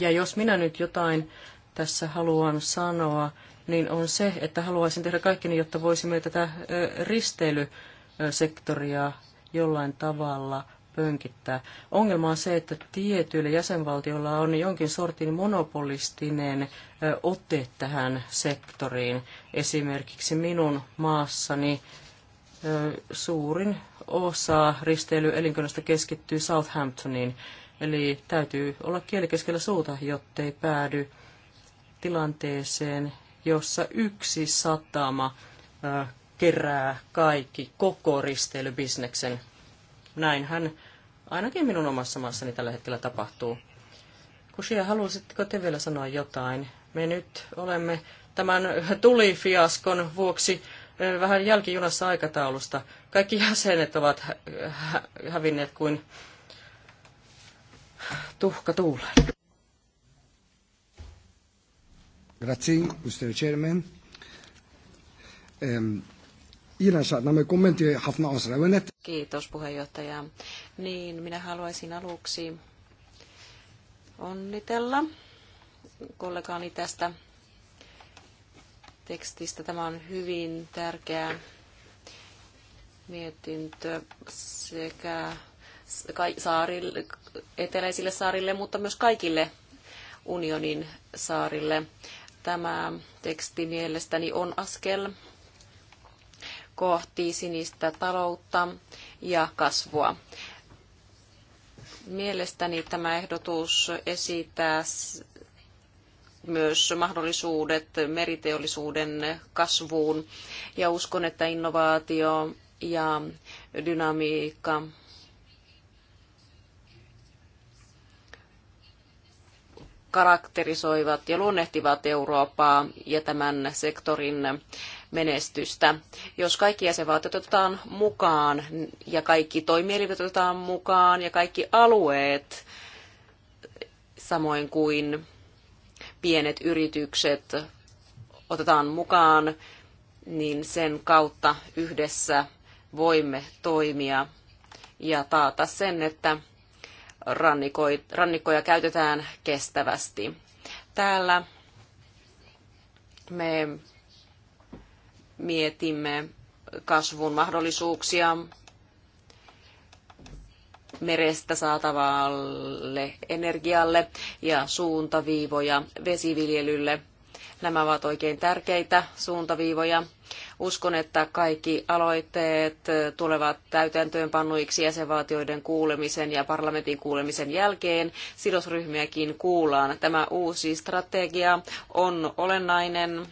Ja jos minä nyt jotain tässä haluan sanoa, niin on se, että haluaisin tehdä kaikkeni, jotta voisimme tätä risteilysektoria jollain tavalla pönkittää. Ongelma on se, että tietyillä jäsenvaltioilla on jonkin sortin monopolistinen ote tähän sektoriin. Esimerkiksi minun maassani suurin osa risteilyelinkeinosta keskittyy Southamptoniin, eli täytyy olla kieli keskellä suuta, ei päädy tilanteeseen, jossa yksi satama kerää kaikki koko risteilybisneksen. Näinhän ainakin minun omassa maassani tällä hetkellä tapahtuu. Kusia, haluaisitteko te vielä sanoa jotain? Me nyt olemme tämän tulifiaskon vuoksi vähän jälkijunassa aikataulusta. Kaikki jäsenet ovat hävinneet kuin tuhka tuuleen. Grazie, Mr. Chairman. Um, Kiitos puheenjohtaja. Niin, minä haluaisin aluksi onnitella kollegaani tästä tekstistä. Tämä on hyvin tärkeä mietintö sekä saarille, eteläisille saarille, mutta myös kaikille unionin saarille. Tämä teksti mielestäni on askel kohti sinistä taloutta ja kasvua. Mielestäni tämä ehdotus esittää myös mahdollisuudet meriteollisuuden kasvuun ja uskon, että innovaatio ja dynamiikka karakterisoivat ja luonnehtivat Eurooppaa ja tämän sektorin menestystä. Jos kaikki jäsenvaltiot otetaan mukaan ja kaikki toimielimet otetaan mukaan ja kaikki alueet, samoin kuin pienet yritykset otetaan mukaan, niin sen kautta yhdessä voimme toimia ja taata sen, että rannikkoja käytetään kestävästi. Täällä me mietimme kasvun mahdollisuuksia merestä saatavalle energialle ja suuntaviivoja vesiviljelylle. Nämä ovat oikein tärkeitä suuntaviivoja. Uskon, että kaikki aloitteet tulevat täytäntöönpannuiksi jäsenvaltioiden kuulemisen ja parlamentin kuulemisen jälkeen. Sidosryhmiäkin kuullaan. Tämä uusi strategia on olennainen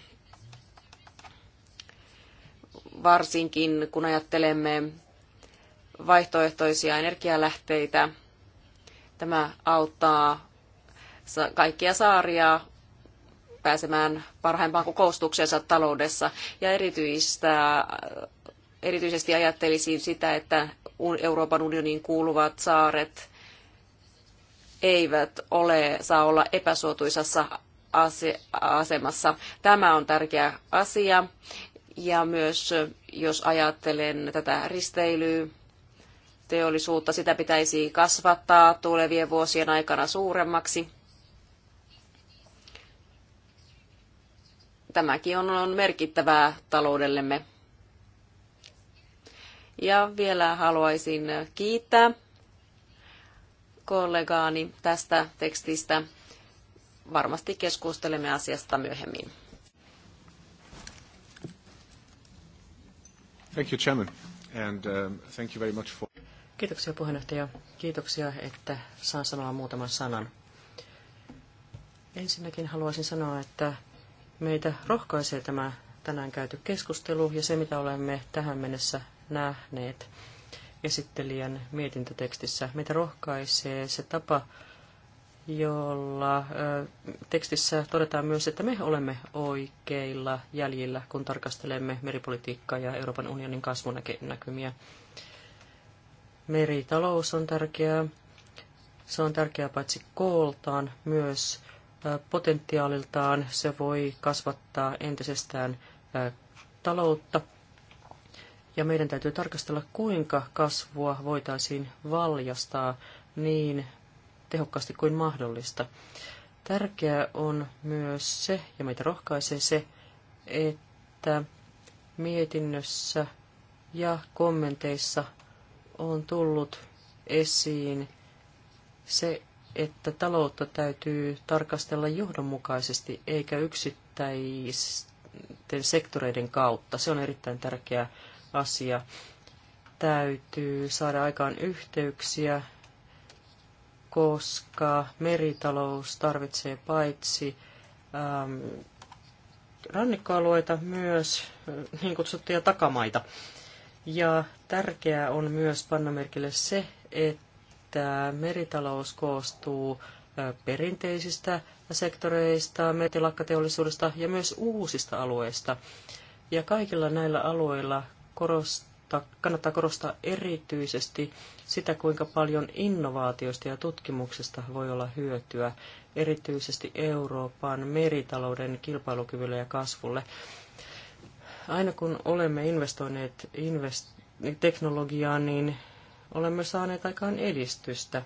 varsinkin kun ajattelemme vaihtoehtoisia energialähteitä. Tämä auttaa kaikkia saaria pääsemään parhaimpaan kokoustuksensa taloudessa ja erityistä, erityisesti ajattelisin sitä, että Euroopan unioniin kuuluvat saaret eivät ole, saa olla epäsuotuisassa asemassa. Tämä on tärkeä asia ja myös jos ajattelen tätä risteilyä, teollisuutta, sitä pitäisi kasvattaa tulevien vuosien aikana suuremmaksi. Tämäkin on, on merkittävää taloudellemme. Ja vielä haluaisin kiittää kollegaani tästä tekstistä. Varmasti keskustelemme asiasta myöhemmin. Thank you, Chairman. And, um, thank you very much for... Kiitoksia puheenjohtaja. Kiitoksia, että saan sanoa muutaman sanan. Ensinnäkin haluaisin sanoa, että meitä rohkaisee tämä tänään käyty keskustelu ja se, mitä olemme tähän mennessä nähneet esittelijän mietintötekstissä. Meitä rohkaisee se tapa, jolla tekstissä todetaan myös, että me olemme oikeilla jäljillä, kun tarkastelemme meripolitiikkaa ja Euroopan unionin kasvunäkymiä. Meritalous on tärkeää. Se on tärkeää paitsi kooltaan, myös potentiaaliltaan. Se voi kasvattaa entisestään taloutta. Ja meidän täytyy tarkastella, kuinka kasvua voitaisiin valjastaa niin tehokkaasti kuin mahdollista. Tärkeää on myös se, ja meitä rohkaisee se, että mietinnössä ja kommenteissa on tullut esiin se, että taloutta täytyy tarkastella johdonmukaisesti eikä yksittäisten sektoreiden kautta. Se on erittäin tärkeä asia. Täytyy saada aikaan yhteyksiä koska meritalous tarvitsee paitsi ähm, rannikkoalueita myös äh, niin kutsuttuja takamaita. Ja tärkeää on myös panna merkille se, että meritalous koostuu äh, perinteisistä sektoreista, metilakkateollisuudesta ja myös uusista alueista. Ja kaikilla näillä alueilla korostuu, mutta kannattaa korostaa erityisesti sitä, kuinka paljon innovaatioista ja tutkimuksesta voi olla hyötyä, erityisesti Euroopan meritalouden kilpailukyvylle ja kasvulle. Aina kun olemme investoineet invest- teknologiaan, niin olemme saaneet aikaan edistystä.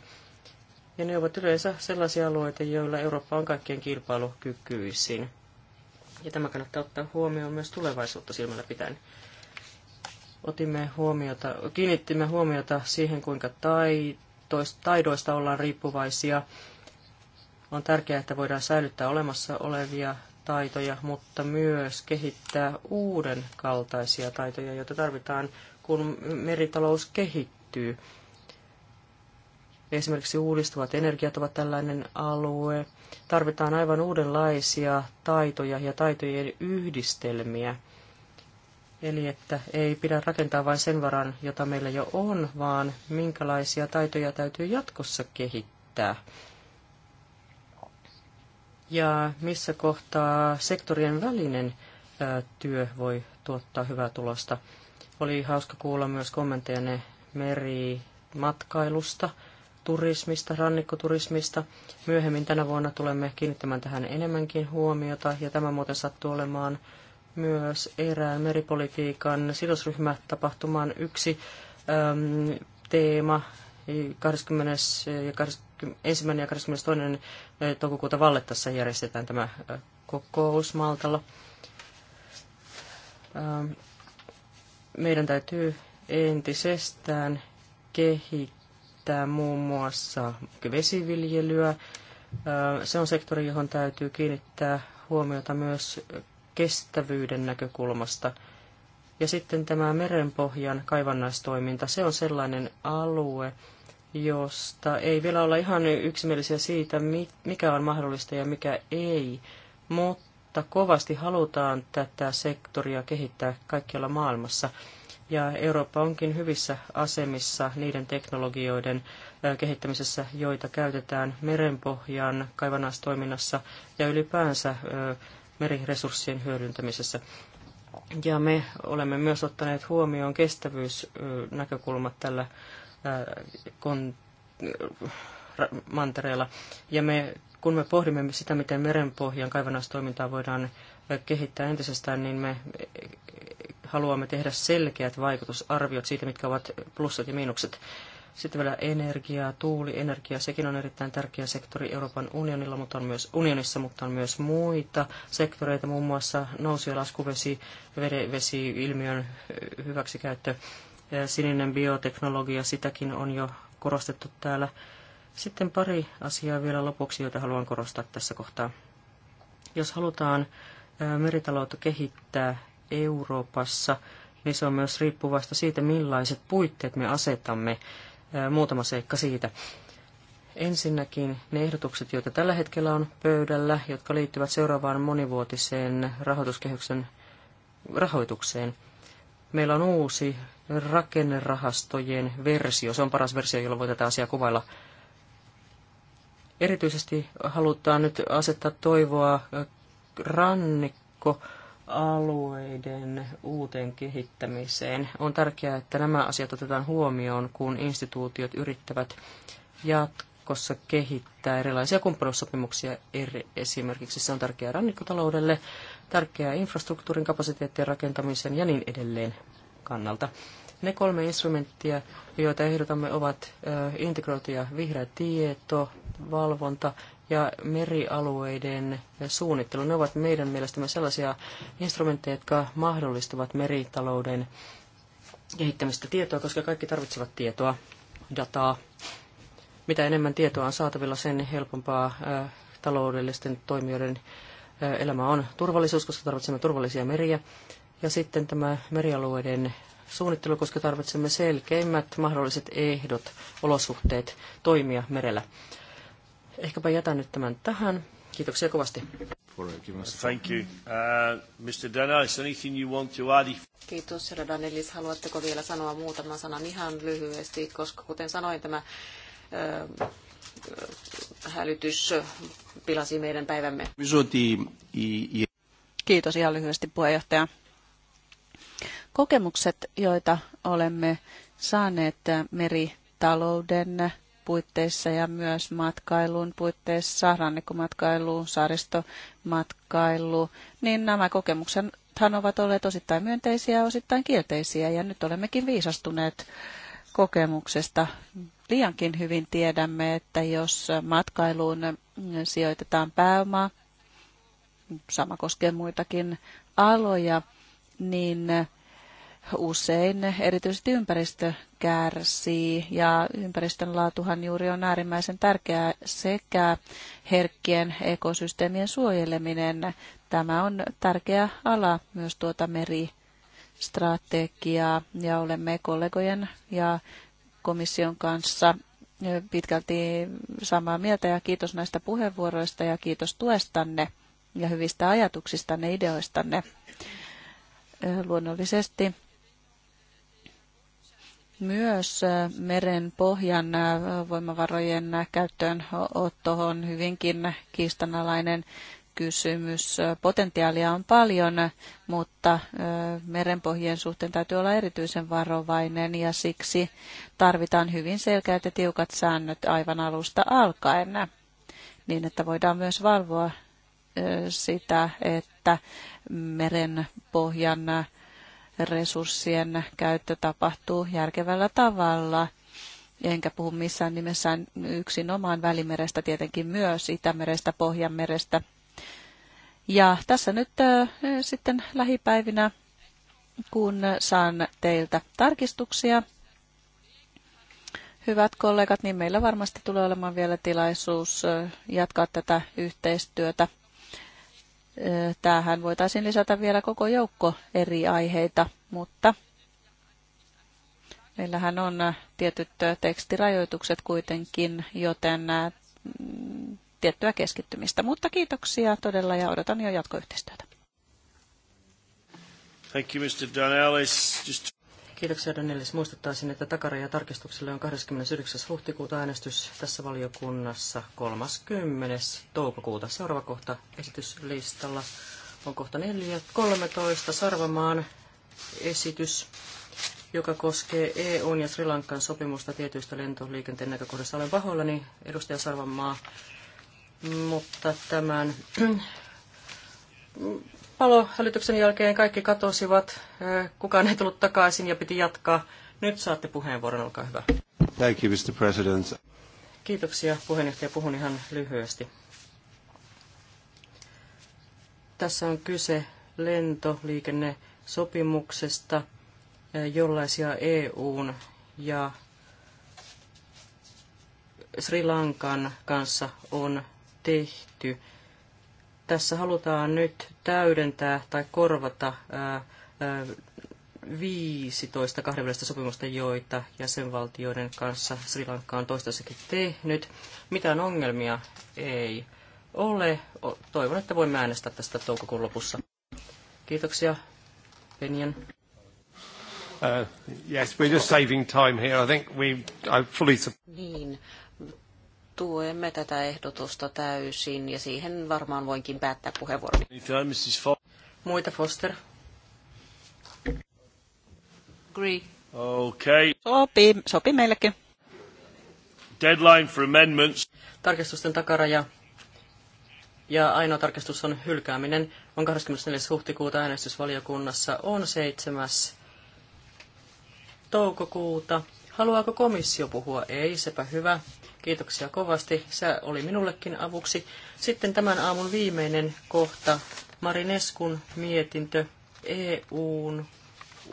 Ja ne ovat yleensä sellaisia alueita, joilla Eurooppa on kaikkein kilpailukykyisin. Ja tämä kannattaa ottaa huomioon myös tulevaisuutta silmällä pitäen otimme huomiota, kiinnittimme huomiota siihen, kuinka taidoista ollaan riippuvaisia. On tärkeää, että voidaan säilyttää olemassa olevia taitoja, mutta myös kehittää uuden kaltaisia taitoja, joita tarvitaan, kun meritalous kehittyy. Esimerkiksi uudistuvat energiat ovat tällainen alue. Tarvitaan aivan uudenlaisia taitoja ja taitojen yhdistelmiä – Eli että ei pidä rakentaa vain sen varan, jota meillä jo on, vaan minkälaisia taitoja täytyy jatkossa kehittää. Ja missä kohtaa sektorien välinen työ voi tuottaa hyvää tulosta. Oli hauska kuulla myös kommenttejanne merimatkailusta, turismista, rannikkoturismista. Myöhemmin tänä vuonna tulemme kiinnittämään tähän enemmänkin huomiota, ja tämä muuten sattuu olemaan myös erään meripolitiikan sidosryhmätapahtuman yksi äm, teema 20 ja 20, ja 22. toukokuuta Vallettassa järjestetään tämä kokous Maltalla. meidän täytyy entisestään kehittää muun muassa vesiviljelyä. Se on sektori, johon täytyy kiinnittää huomiota myös kestävyyden näkökulmasta. Ja sitten tämä merenpohjan kaivannaistoiminta, se on sellainen alue, josta ei vielä olla ihan yksimielisiä siitä, mikä on mahdollista ja mikä ei, mutta kovasti halutaan tätä sektoria kehittää kaikkialla maailmassa. Ja Eurooppa onkin hyvissä asemissa niiden teknologioiden kehittämisessä, joita käytetään merenpohjan kaivannaistoiminnassa ja ylipäänsä meriresurssien hyödyntämisessä. Ja me olemme myös ottaneet huomioon kestävyysnäkökulmat tällä äh, äh, mantereella. Ja me, kun me pohdimme sitä, miten merenpohjan kaivannaistoimintaa voidaan kehittää entisestään, niin me haluamme tehdä selkeät vaikutusarviot siitä, mitkä ovat plussat ja miinukset sitten vielä energiaa, tuulienergia, sekin on erittäin tärkeä sektori Euroopan unionilla, mutta on myös, unionissa, mutta on myös muita sektoreita, muun muassa nousu- ja laskuvesi, vedevesi, ilmiön hyväksikäyttö, sininen bioteknologia, sitäkin on jo korostettu täällä. Sitten pari asiaa vielä lopuksi, joita haluan korostaa tässä kohtaa. Jos halutaan meritaloutta kehittää Euroopassa, niin se on myös riippuvasta siitä, millaiset puitteet me asetamme muutama seikka siitä. Ensinnäkin ne ehdotukset, joita tällä hetkellä on pöydällä, jotka liittyvät seuraavaan monivuotiseen rahoituskehyksen rahoitukseen. Meillä on uusi rakennerahastojen versio. Se on paras versio, jolla voi tätä asiaa kuvailla. Erityisesti halutaan nyt asettaa toivoa rannikko alueiden uuteen kehittämiseen. On tärkeää, että nämä asiat otetaan huomioon, kun instituutiot yrittävät jatkossa kehittää erilaisia kumppanuussopimuksia eri, esimerkiksi. Se on tärkeää rannikkotaloudelle, tärkeää infrastruktuurin kapasiteettien rakentamisen ja niin edelleen kannalta. Ne kolme instrumenttia, joita ehdotamme, ovat integroitu ja vihreä tieto, valvonta ja merialueiden suunnittelu. Ne ovat meidän mielestämme sellaisia instrumentteja, jotka mahdollistavat meritalouden kehittämistä tietoa, koska kaikki tarvitsevat tietoa, dataa. Mitä enemmän tietoa on saatavilla, sen helpompaa äh, taloudellisten toimijoiden äh, elämä on turvallisuus, koska tarvitsemme turvallisia meriä. Ja sitten tämä merialueiden suunnittelu, koska tarvitsemme selkeimmät mahdolliset ehdot, olosuhteet toimia merellä. Ehkäpä jätän nyt tämän tähän. Kiitoksia kovasti. Thank you. Uh, Mr. Danelis, anything you want to add? Kiitos, herra Danelis. Haluatteko vielä sanoa muutaman sanan ihan lyhyesti, koska kuten sanoin, tämä uh, hälytys pilasi meidän päivämme. Kiitos ihan lyhyesti puheenjohtaja. Kokemukset, joita olemme saaneet äh, meritalouden puitteissa ja myös matkailun puitteissa, rannikkomatkailu, saaristomatkailu, niin nämä kokemuksethan ovat olleet osittain myönteisiä ja osittain kielteisiä ja nyt olemmekin viisastuneet kokemuksesta. Liiankin hyvin tiedämme, että jos matkailuun sijoitetaan pääoma, sama koskee muitakin aloja, niin usein erityisesti ympäristö kärsii ja ympäristön laatuhan juuri on äärimmäisen tärkeää sekä herkkien ekosysteemien suojeleminen. Tämä on tärkeä ala myös tuota meristrategiaa ja olemme kollegojen ja komission kanssa pitkälti samaa mieltä ja kiitos näistä puheenvuoroista ja kiitos tuestanne ja hyvistä ajatuksistanne, ideoistanne. Luonnollisesti myös äh, meren pohjan äh, voimavarojen käyttöön on hyvinkin kiistanalainen kysymys. Äh, potentiaalia on paljon, mutta merenpohjien suhteen täytyy olla erityisen varovainen ja siksi tarvitaan hyvin selkeät ja tiukat säännöt aivan alusta alkaen, niin että voidaan myös valvoa sitä, että meren pohjan resurssien käyttö tapahtuu järkevällä tavalla. Enkä puhu missään nimessä yksin omaan välimerestä, tietenkin myös Itämerestä, Pohjanmerestä. Ja tässä nyt äh, sitten lähipäivinä, kun saan teiltä tarkistuksia, hyvät kollegat, niin meillä varmasti tulee olemaan vielä tilaisuus jatkaa tätä yhteistyötä Tähän voitaisiin lisätä vielä koko joukko eri aiheita, mutta meillähän on tietyt tekstirajoitukset kuitenkin, joten mm, tiettyä keskittymistä. Mutta kiitoksia todella ja odotan jo jatkoyhteistyötä. Thank you, Mr. Kiitoksia Danielis. Muistuttaisin, että takaraja tarkistukselle on 29. huhtikuuta äänestys tässä valiokunnassa 30. toukokuuta. Seuraava kohta esityslistalla on kohta 4.13. Sarvamaan esitys, joka koskee EUn ja Sri Lankan sopimusta tietyistä lentoliikenteen näkökohdista. Olen pahoillani, edustaja Sarvamaa, mutta tämän palohälytyksen jälkeen kaikki katosivat, kukaan ei tullut takaisin ja piti jatkaa. Nyt saatte puheenvuoron, olkaa hyvä. Thank you, Mr. President. Kiitoksia puheenjohtaja, puhun ihan lyhyesti. Tässä on kyse lentoliikennesopimuksesta, jollaisia EUn ja Sri Lankan kanssa on tehty. Tässä halutaan nyt täydentää tai korvata 15 kahdenvälistä sopimusta, joita jäsenvaltioiden kanssa Sri Lanka on toistaiseksi tehnyt. Mitään ongelmia ei ole. Toivon, että voimme äänestää tästä toukokuun lopussa. Kiitoksia, Penian. Uh, yes, we're just saving time here. I think we, I fully... Niin, tuemme tätä ehdotusta täysin ja siihen varmaan voinkin päättää puheenvuoroni. Muita Foster? Agree. Okay. Sopii, sopii meillekin. Deadline for amendments. Tarkistusten takaraja ja ainoa tarkistus on hylkääminen. On 24. huhtikuuta äänestysvaliokunnassa on 7. toukokuuta. Haluaako komissio puhua? Ei, sepä hyvä. Kiitoksia kovasti. Sä oli minullekin avuksi. Sitten tämän aamun viimeinen kohta. Marineskun mietintö EUn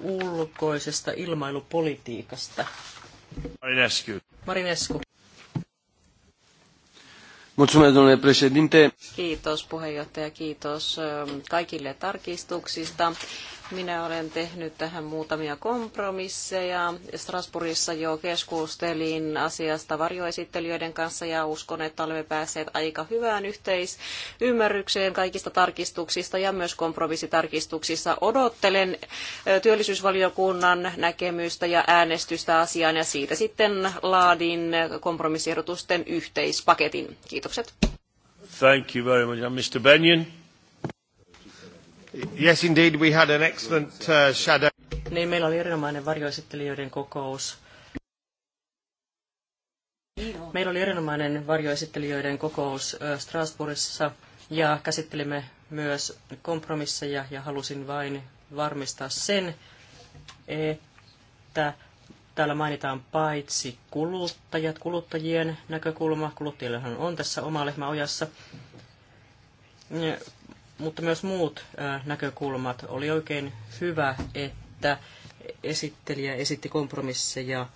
ulkoisesta ilmailupolitiikasta. Marinescu. Marinescu. Kiitos puheenjohtaja, kiitos kaikille tarkistuksista. Minä olen tehnyt tähän muutamia kompromisseja. Strasbourgissa jo keskustelin asiasta varjoesittelijöiden kanssa ja uskon, että olemme päässeet aika hyvään yhteisymmärrykseen kaikista tarkistuksista ja myös kompromissitarkistuksissa. Odottelen työllisyysvaliokunnan näkemystä ja äänestystä asiaan ja siitä sitten laadin kompromissiehdotusten yhteispaketin. Kiitokset. Thank you very much, Mr. Benyon. Yes, indeed, we had an excellent uh, shadow. Niin, meillä oli erinomainen varjoesittelijöiden kokous. Meillä oli erinomainen varjoesittelijöiden kokous Strasbourgissa ja käsittelimme myös kompromisseja ja halusin vain varmistaa sen, että täällä mainitaan paitsi kuluttajat, kuluttajien näkökulma, kuluttajillehan on tässä oma lehmä ojassa, mutta myös muut näkökulmat. Oli oikein hyvä, että esittelijä esitti kompromisseja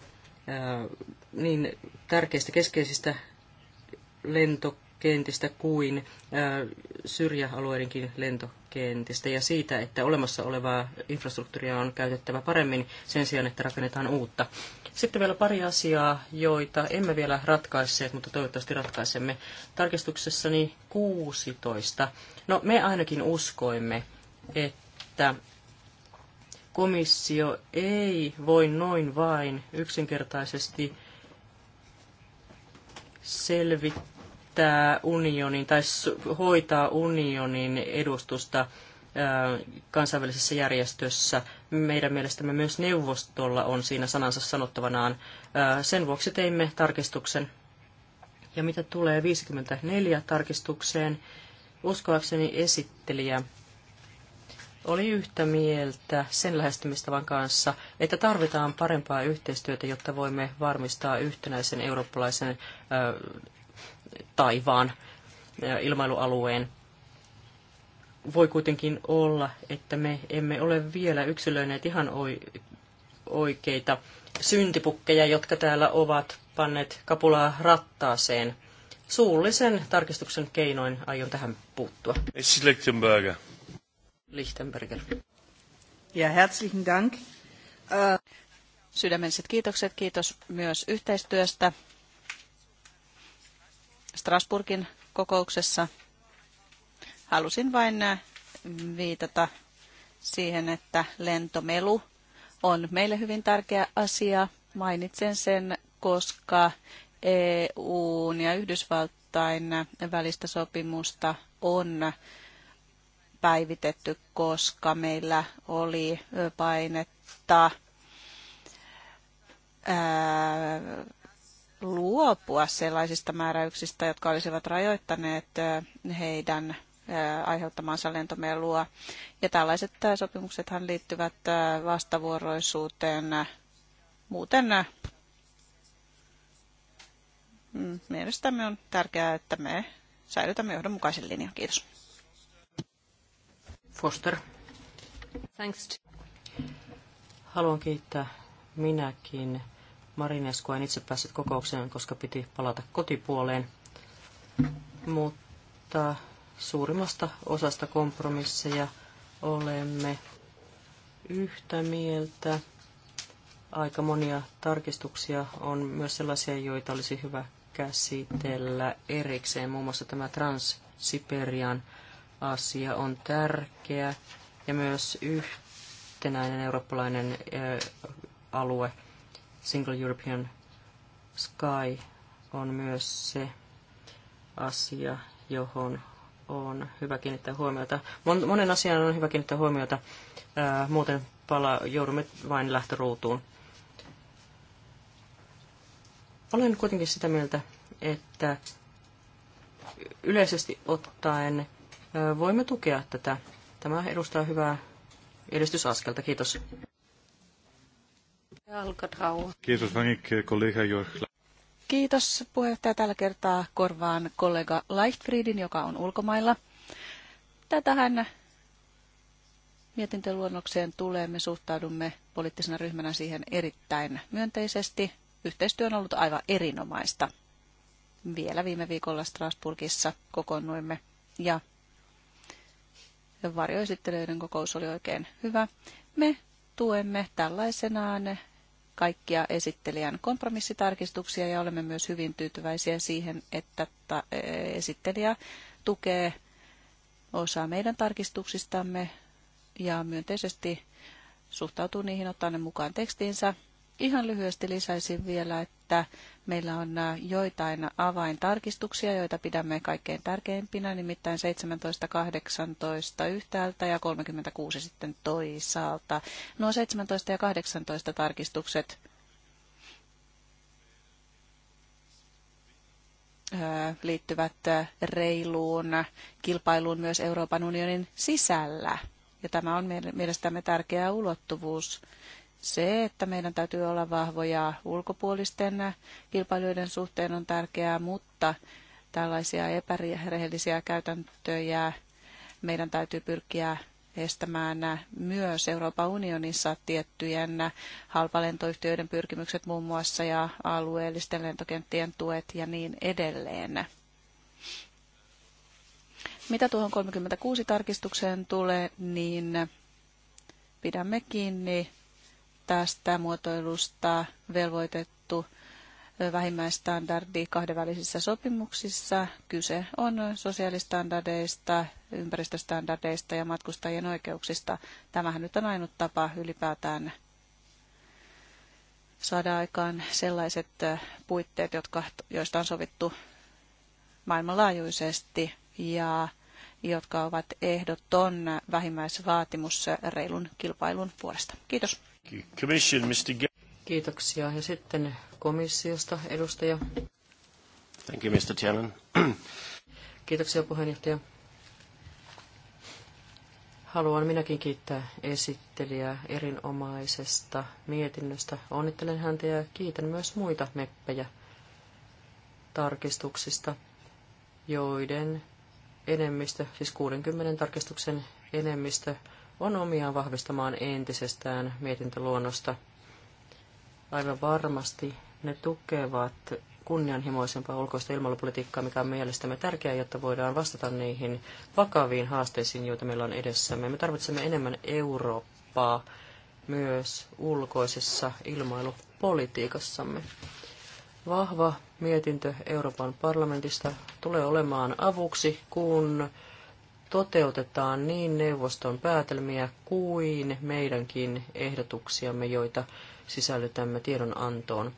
niin tärkeistä keskeisistä lentokentistä kuin syrjäalueidenkin lento kentistä ja siitä, että olemassa olevaa infrastruktuuria on käytettävä paremmin sen sijaan, että rakennetaan uutta. Sitten vielä pari asiaa, joita emme vielä ratkaisseet, mutta toivottavasti ratkaisemme. Tarkistuksessani 16. No, me ainakin uskoimme, että komissio ei voi noin vain yksinkertaisesti selvittää, pitää unionin tai hoitaa unionin edustusta kansainvälisessä järjestössä. Meidän mielestämme myös neuvostolla on siinä sanansa sanottavanaan. Sen vuoksi teimme tarkistuksen. Ja mitä tulee 54 tarkistukseen, uskoakseni esittelijä oli yhtä mieltä sen lähestymistavan kanssa, että tarvitaan parempaa yhteistyötä, jotta voimme varmistaa yhtenäisen eurooppalaisen taivaan ilmailualueen. Voi kuitenkin olla, että me emme ole vielä yksilöineet ihan oikeita syntipukkeja, jotka täällä ovat panneet kapulaa rattaaseen. Suullisen tarkistuksen keinoin aion tähän puuttua. Lichtenberger. Lichtenberger. Ja herzlichen Dank. Äh, Sydämelliset kiitokset. Kiitos myös yhteistyöstä Strasburgin kokouksessa. Halusin vain äh, viitata siihen, että lentomelu on meille hyvin tärkeä asia. Mainitsen sen, koska EU ja Yhdysvaltain välistä sopimusta on päivitetty, koska meillä oli painetta äh, luopua sellaisista määräyksistä, jotka olisivat rajoittaneet heidän aiheuttamaansa lentomelua. Ja tällaiset sopimuksethan liittyvät vastavuoroisuuteen. Muuten mm, mielestämme on tärkeää, että me säilytämme johdonmukaisen linjan. Kiitos. Foster. Thanks. Haluan kiittää minäkin Marinesku en itse päässyt kokoukseen, koska piti palata kotipuoleen. Mutta suurimmasta osasta kompromisseja olemme yhtä mieltä. Aika monia tarkistuksia on myös sellaisia, joita olisi hyvä käsitellä erikseen. Muun muassa tämä trans asia on tärkeä ja myös yhtenäinen eurooppalainen alue Single European Sky on myös se asia, johon on hyvä kiinnittää huomiota. Mon, monen asian on hyvä kiinnittää huomiota, ää, muuten pala, joudumme vain lähtöruutuun. Olen kuitenkin sitä mieltä, että yleisesti ottaen ää, voimme tukea tätä. Tämä edustaa hyvää edistysaskelta. Kiitos. Kiitos Vanik, kollega Jorgla. Kiitos puheenjohtaja tällä kertaa korvaan kollega Leichtfriedin, joka on ulkomailla. Tätähän mietintöluonnokseen tulee, me suhtaudumme poliittisena ryhmänä siihen erittäin myönteisesti. Yhteistyö on ollut aivan erinomaista. Vielä viime viikolla Strasbourgissa kokoonnuimme ja varjoesittelyiden kokous oli oikein hyvä. Me tuemme tällaisenaan kaikkia esittelijän kompromissitarkistuksia ja olemme myös hyvin tyytyväisiä siihen, että e, esittelijä tukee osaa meidän tarkistuksistamme ja myönteisesti suhtautuu niihin, ottaa ne mukaan tekstiinsä. Ihan lyhyesti lisäisin vielä, että että meillä on äh, joitain avaintarkistuksia, joita pidämme kaikkein tärkeimpinä, nimittäin 17, 18 yhtäältä ja 36 sitten toisaalta. Nuo 17 ja 18 tarkistukset äh, liittyvät äh, reiluun kilpailuun myös Euroopan unionin sisällä. Ja tämä on mielestämme tärkeä ulottuvuus se, että meidän täytyy olla vahvoja ulkopuolisten kilpailijoiden suhteen on tärkeää, mutta tällaisia epärehellisiä käytäntöjä meidän täytyy pyrkiä estämään myös Euroopan unionissa tiettyjen halpalentoyhtiöiden pyrkimykset muun muassa ja alueellisten lentokenttien tuet ja niin edelleen. Mitä tuohon 36 tarkistukseen tulee, niin pidämme kiinni tästä muotoilusta velvoitettu vähimmäistandardi kahdenvälisissä sopimuksissa. Kyse on sosiaalistandardeista, ympäristöstandardeista ja matkustajien oikeuksista. Tämähän nyt on ainut tapa ylipäätään saada aikaan sellaiset puitteet, jotka, joista on sovittu maailmanlaajuisesti ja jotka ovat ehdoton vähimmäisvaatimus reilun kilpailun puolesta. Kiitos. Commission, Mr. Kiitoksia. Ja sitten komissiosta edustaja. Thank you, Mr. Chairman. Kiitoksia puheenjohtaja. Haluan minäkin kiittää esittelijää erinomaisesta mietinnöstä. Onnittelen häntä ja kiitän myös muita meppejä tarkistuksista, joiden enemmistö, siis 60 tarkistuksen enemmistö on omiaan vahvistamaan entisestään mietintöluonnosta. Aivan varmasti ne tukevat kunnianhimoisempaa ulkoista ilmailupolitiikkaa, mikä on mielestämme tärkeää, jotta voidaan vastata niihin vakaviin haasteisiin, joita meillä on edessämme. Me tarvitsemme enemmän Eurooppaa myös ulkoisessa ilmailupolitiikassamme. Vahva mietintö Euroopan parlamentista tulee olemaan avuksi, kun toteutetaan niin neuvoston päätelmiä kuin meidänkin ehdotuksiamme, joita sisällytämme tiedonantoon.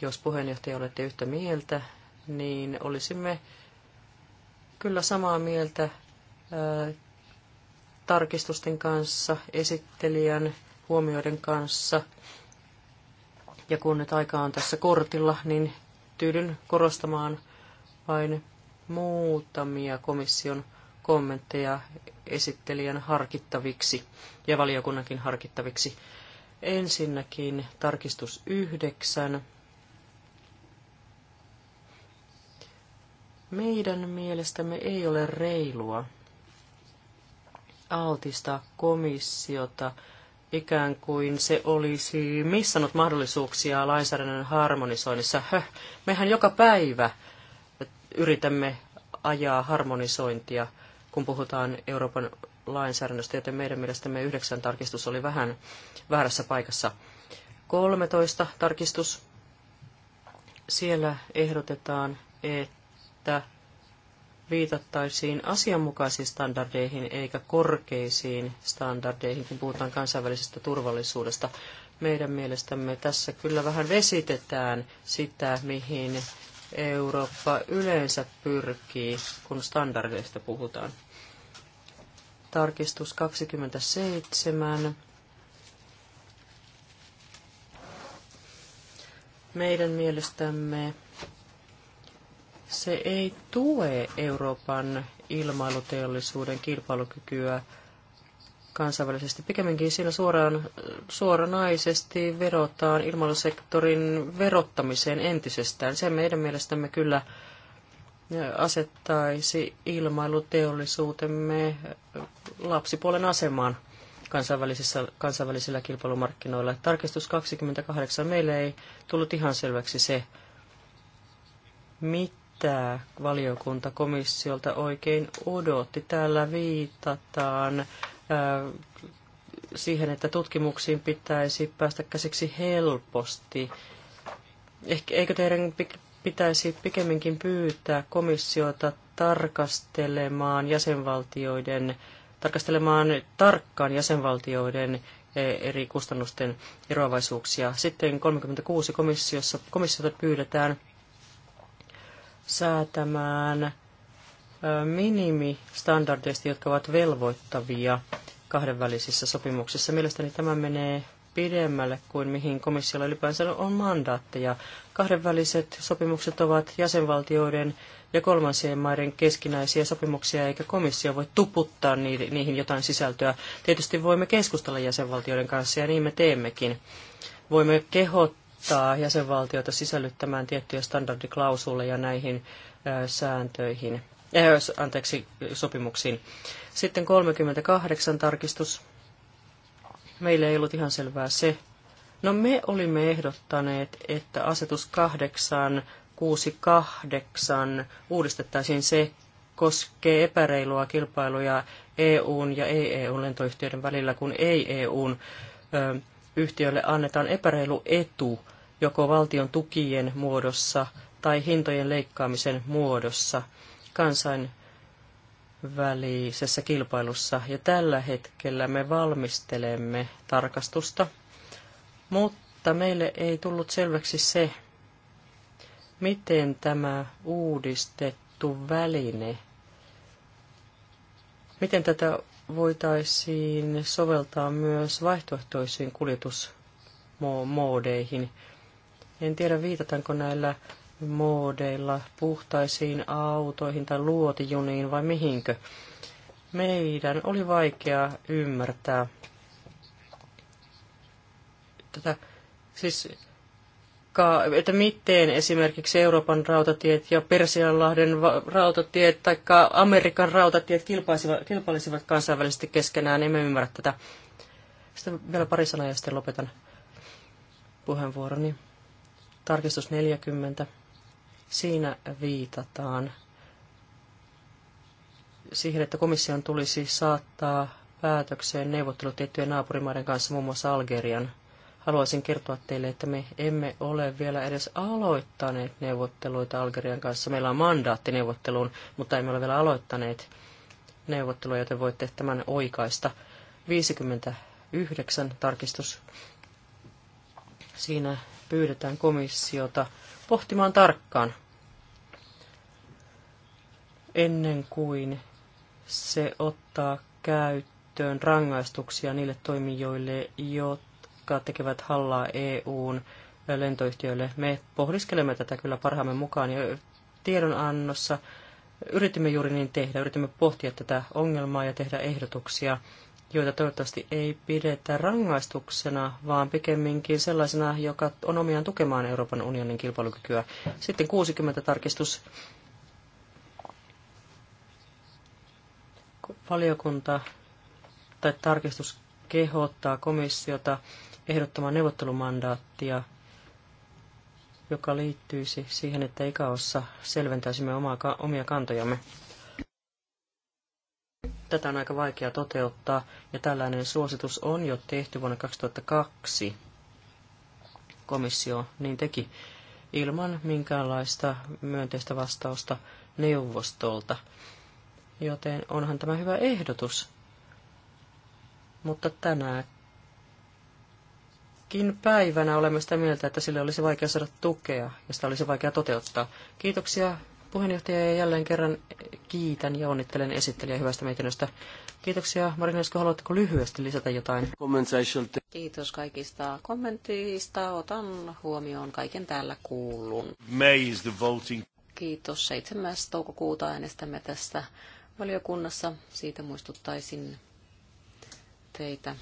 Jos puheenjohtaja olette yhtä mieltä, niin olisimme kyllä samaa mieltä ää, tarkistusten kanssa, esittelijän huomioiden kanssa. Ja kun nyt aika on tässä kortilla, niin tyydyn korostamaan vain muutamia komission kommentteja esittelijän harkittaviksi ja valiokunnankin harkittaviksi. Ensinnäkin tarkistus yhdeksän. Meidän mielestämme ei ole reilua altistaa komissiota ikään kuin se olisi missannut mahdollisuuksia lainsäädännön harmonisoinnissa. Höh, mehän joka päivä yritämme ajaa harmonisointia kun puhutaan Euroopan lainsäädännöstä, joten meidän mielestämme yhdeksän tarkistus oli vähän väärässä paikassa. 13 tarkistus. Siellä ehdotetaan, että viitattaisiin asianmukaisiin standardeihin eikä korkeisiin standardeihin, kun puhutaan kansainvälisestä turvallisuudesta. Meidän mielestämme tässä kyllä vähän vesitetään sitä, mihin Eurooppa yleensä pyrkii, kun standardeista puhutaan. Tarkistus 27. Meidän mielestämme se ei tue Euroopan ilmailuteollisuuden kilpailukykyä kansainvälisesti. Pikemminkin siinä suoraan, suoranaisesti verotaan ilmailusektorin verottamiseen entisestään. Se meidän mielestämme kyllä asettaisi ilmailuteollisuutemme lapsipuolen asemaan kansainvälisissä, kansainvälisillä kilpailumarkkinoilla. Tarkistus 28. Meille ei tullut ihan selväksi se, mitä valiokunta komissiolta oikein odotti. Täällä viitataan ää, äh, siihen, että tutkimuksiin pitäisi päästä käsiksi helposti. Ehkä, eikö teidän pitäisi pikemminkin pyytää komissiota tarkastelemaan jäsenvaltioiden, tarkastelemaan tarkkaan jäsenvaltioiden e, eri kustannusten eroavaisuuksia. Sitten 36 komissiossa, komissiota pyydetään säätämään minimistandardeista, jotka ovat velvoittavia kahdenvälisissä sopimuksissa. Mielestäni tämä menee pidemmälle kuin mihin komissiolla ylipäänsä on mandaatteja. Kahdenväliset sopimukset ovat jäsenvaltioiden ja kolmansien maiden keskinäisiä sopimuksia, eikä komissio voi tuputtaa niihin jotain sisältöä. Tietysti voimme keskustella jäsenvaltioiden kanssa, ja niin me teemmekin. Voimme kehottaa jäsenvaltioita sisällyttämään tiettyjä standardiklausuleja näihin sääntöihin, äh, anteeksi, sopimuksiin. Sitten 38 tarkistus meillä ei ollut ihan selvää se. No me olimme ehdottaneet, että asetus 868 uudistettaisiin se, koskee epäreilua kilpailuja EUn ja ei-EUn lentoyhtiöiden välillä, kun ei-EUn ö, annetaan epäreilu etu joko valtion tukien muodossa tai hintojen leikkaamisen muodossa. Kansain, välisessä kilpailussa. Ja tällä hetkellä me valmistelemme tarkastusta, mutta meille ei tullut selväksi se, miten tämä uudistettu väline, miten tätä voitaisiin soveltaa myös vaihtoehtoisiin kuljetusmoodeihin. En tiedä, viitatanko näillä moodeilla puhtaisiin autoihin tai luotijuniin vai mihinkö. Meidän oli vaikea ymmärtää tätä, siis, ka, että miten esimerkiksi Euroopan rautatiet ja Persianlahden rautatiet tai Amerikan rautatiet kilpailisivat, kilpailisivat kansainvälisesti keskenään, emme ymmärrä tätä. Sitten vielä pari sanaa ja sitten lopetan puheenvuoroni. Tarkistus 40. Siinä viitataan siihen, että komission tulisi saattaa päätökseen neuvottelut tiettyjen naapurimaiden kanssa, muun muassa Algerian. Haluaisin kertoa teille, että me emme ole vielä edes aloittaneet neuvotteluita Algerian kanssa. Meillä on mandaatti neuvotteluun, mutta emme ole vielä aloittaneet neuvotteluja, joten voitte tämän oikaista. 59 tarkistus. Siinä pyydetään komissiota pohtimaan tarkkaan ennen kuin se ottaa käyttöön rangaistuksia niille toimijoille, jotka tekevät hallaa EUn lentoyhtiöille. Me pohdiskelemme tätä kyllä parhaamme mukaan ja tiedonannossa yritimme juuri niin tehdä. Yritimme pohtia tätä ongelmaa ja tehdä ehdotuksia joita toivottavasti ei pidetä rangaistuksena, vaan pikemminkin sellaisena, joka on omiaan tukemaan Euroopan unionin kilpailukykyä. Sitten 60 tarkistus. Valiokunta tai tarkistus kehottaa komissiota ehdottamaan neuvottelumandaattia, joka liittyisi siihen, että ikäossa selventäisimme omaa, omia kantojamme. Tätä on aika vaikea toteuttaa, ja tällainen suositus on jo tehty vuonna 2002. Komissio niin teki ilman minkäänlaista myönteistä vastausta neuvostolta. Joten onhan tämä hyvä ehdotus. Mutta tänäkin päivänä olemme sitä mieltä, että sille olisi vaikea saada tukea ja sitä olisi vaikea toteuttaa. Kiitoksia puheenjohtaja ja jälleen kerran kiitän ja onnittelen esittelijä hyvästä mietinnöstä. Kiitoksia. Marinesko, haluatteko lyhyesti lisätä jotain? Kiitos kaikista kommentteista. Otan huomioon kaiken täällä kuullun. May is the voting. Kiitos. 7. toukokuuta äänestämme tästä valiokunnassa. Siitä muistuttaisin teitä.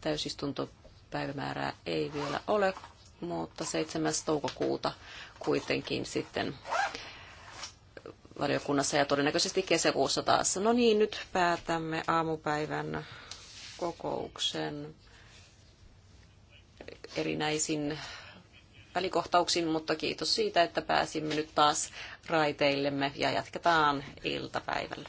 Täysistuntopäivämäärää ei vielä ole, mutta 7. toukokuuta kuitenkin sitten valiokunnassa ja todennäköisesti kesäkuussa taas. No niin, nyt päätämme aamupäivän kokouksen erinäisin välikohtauksin, mutta kiitos siitä, että pääsimme nyt taas raiteillemme ja jatketaan iltapäivällä.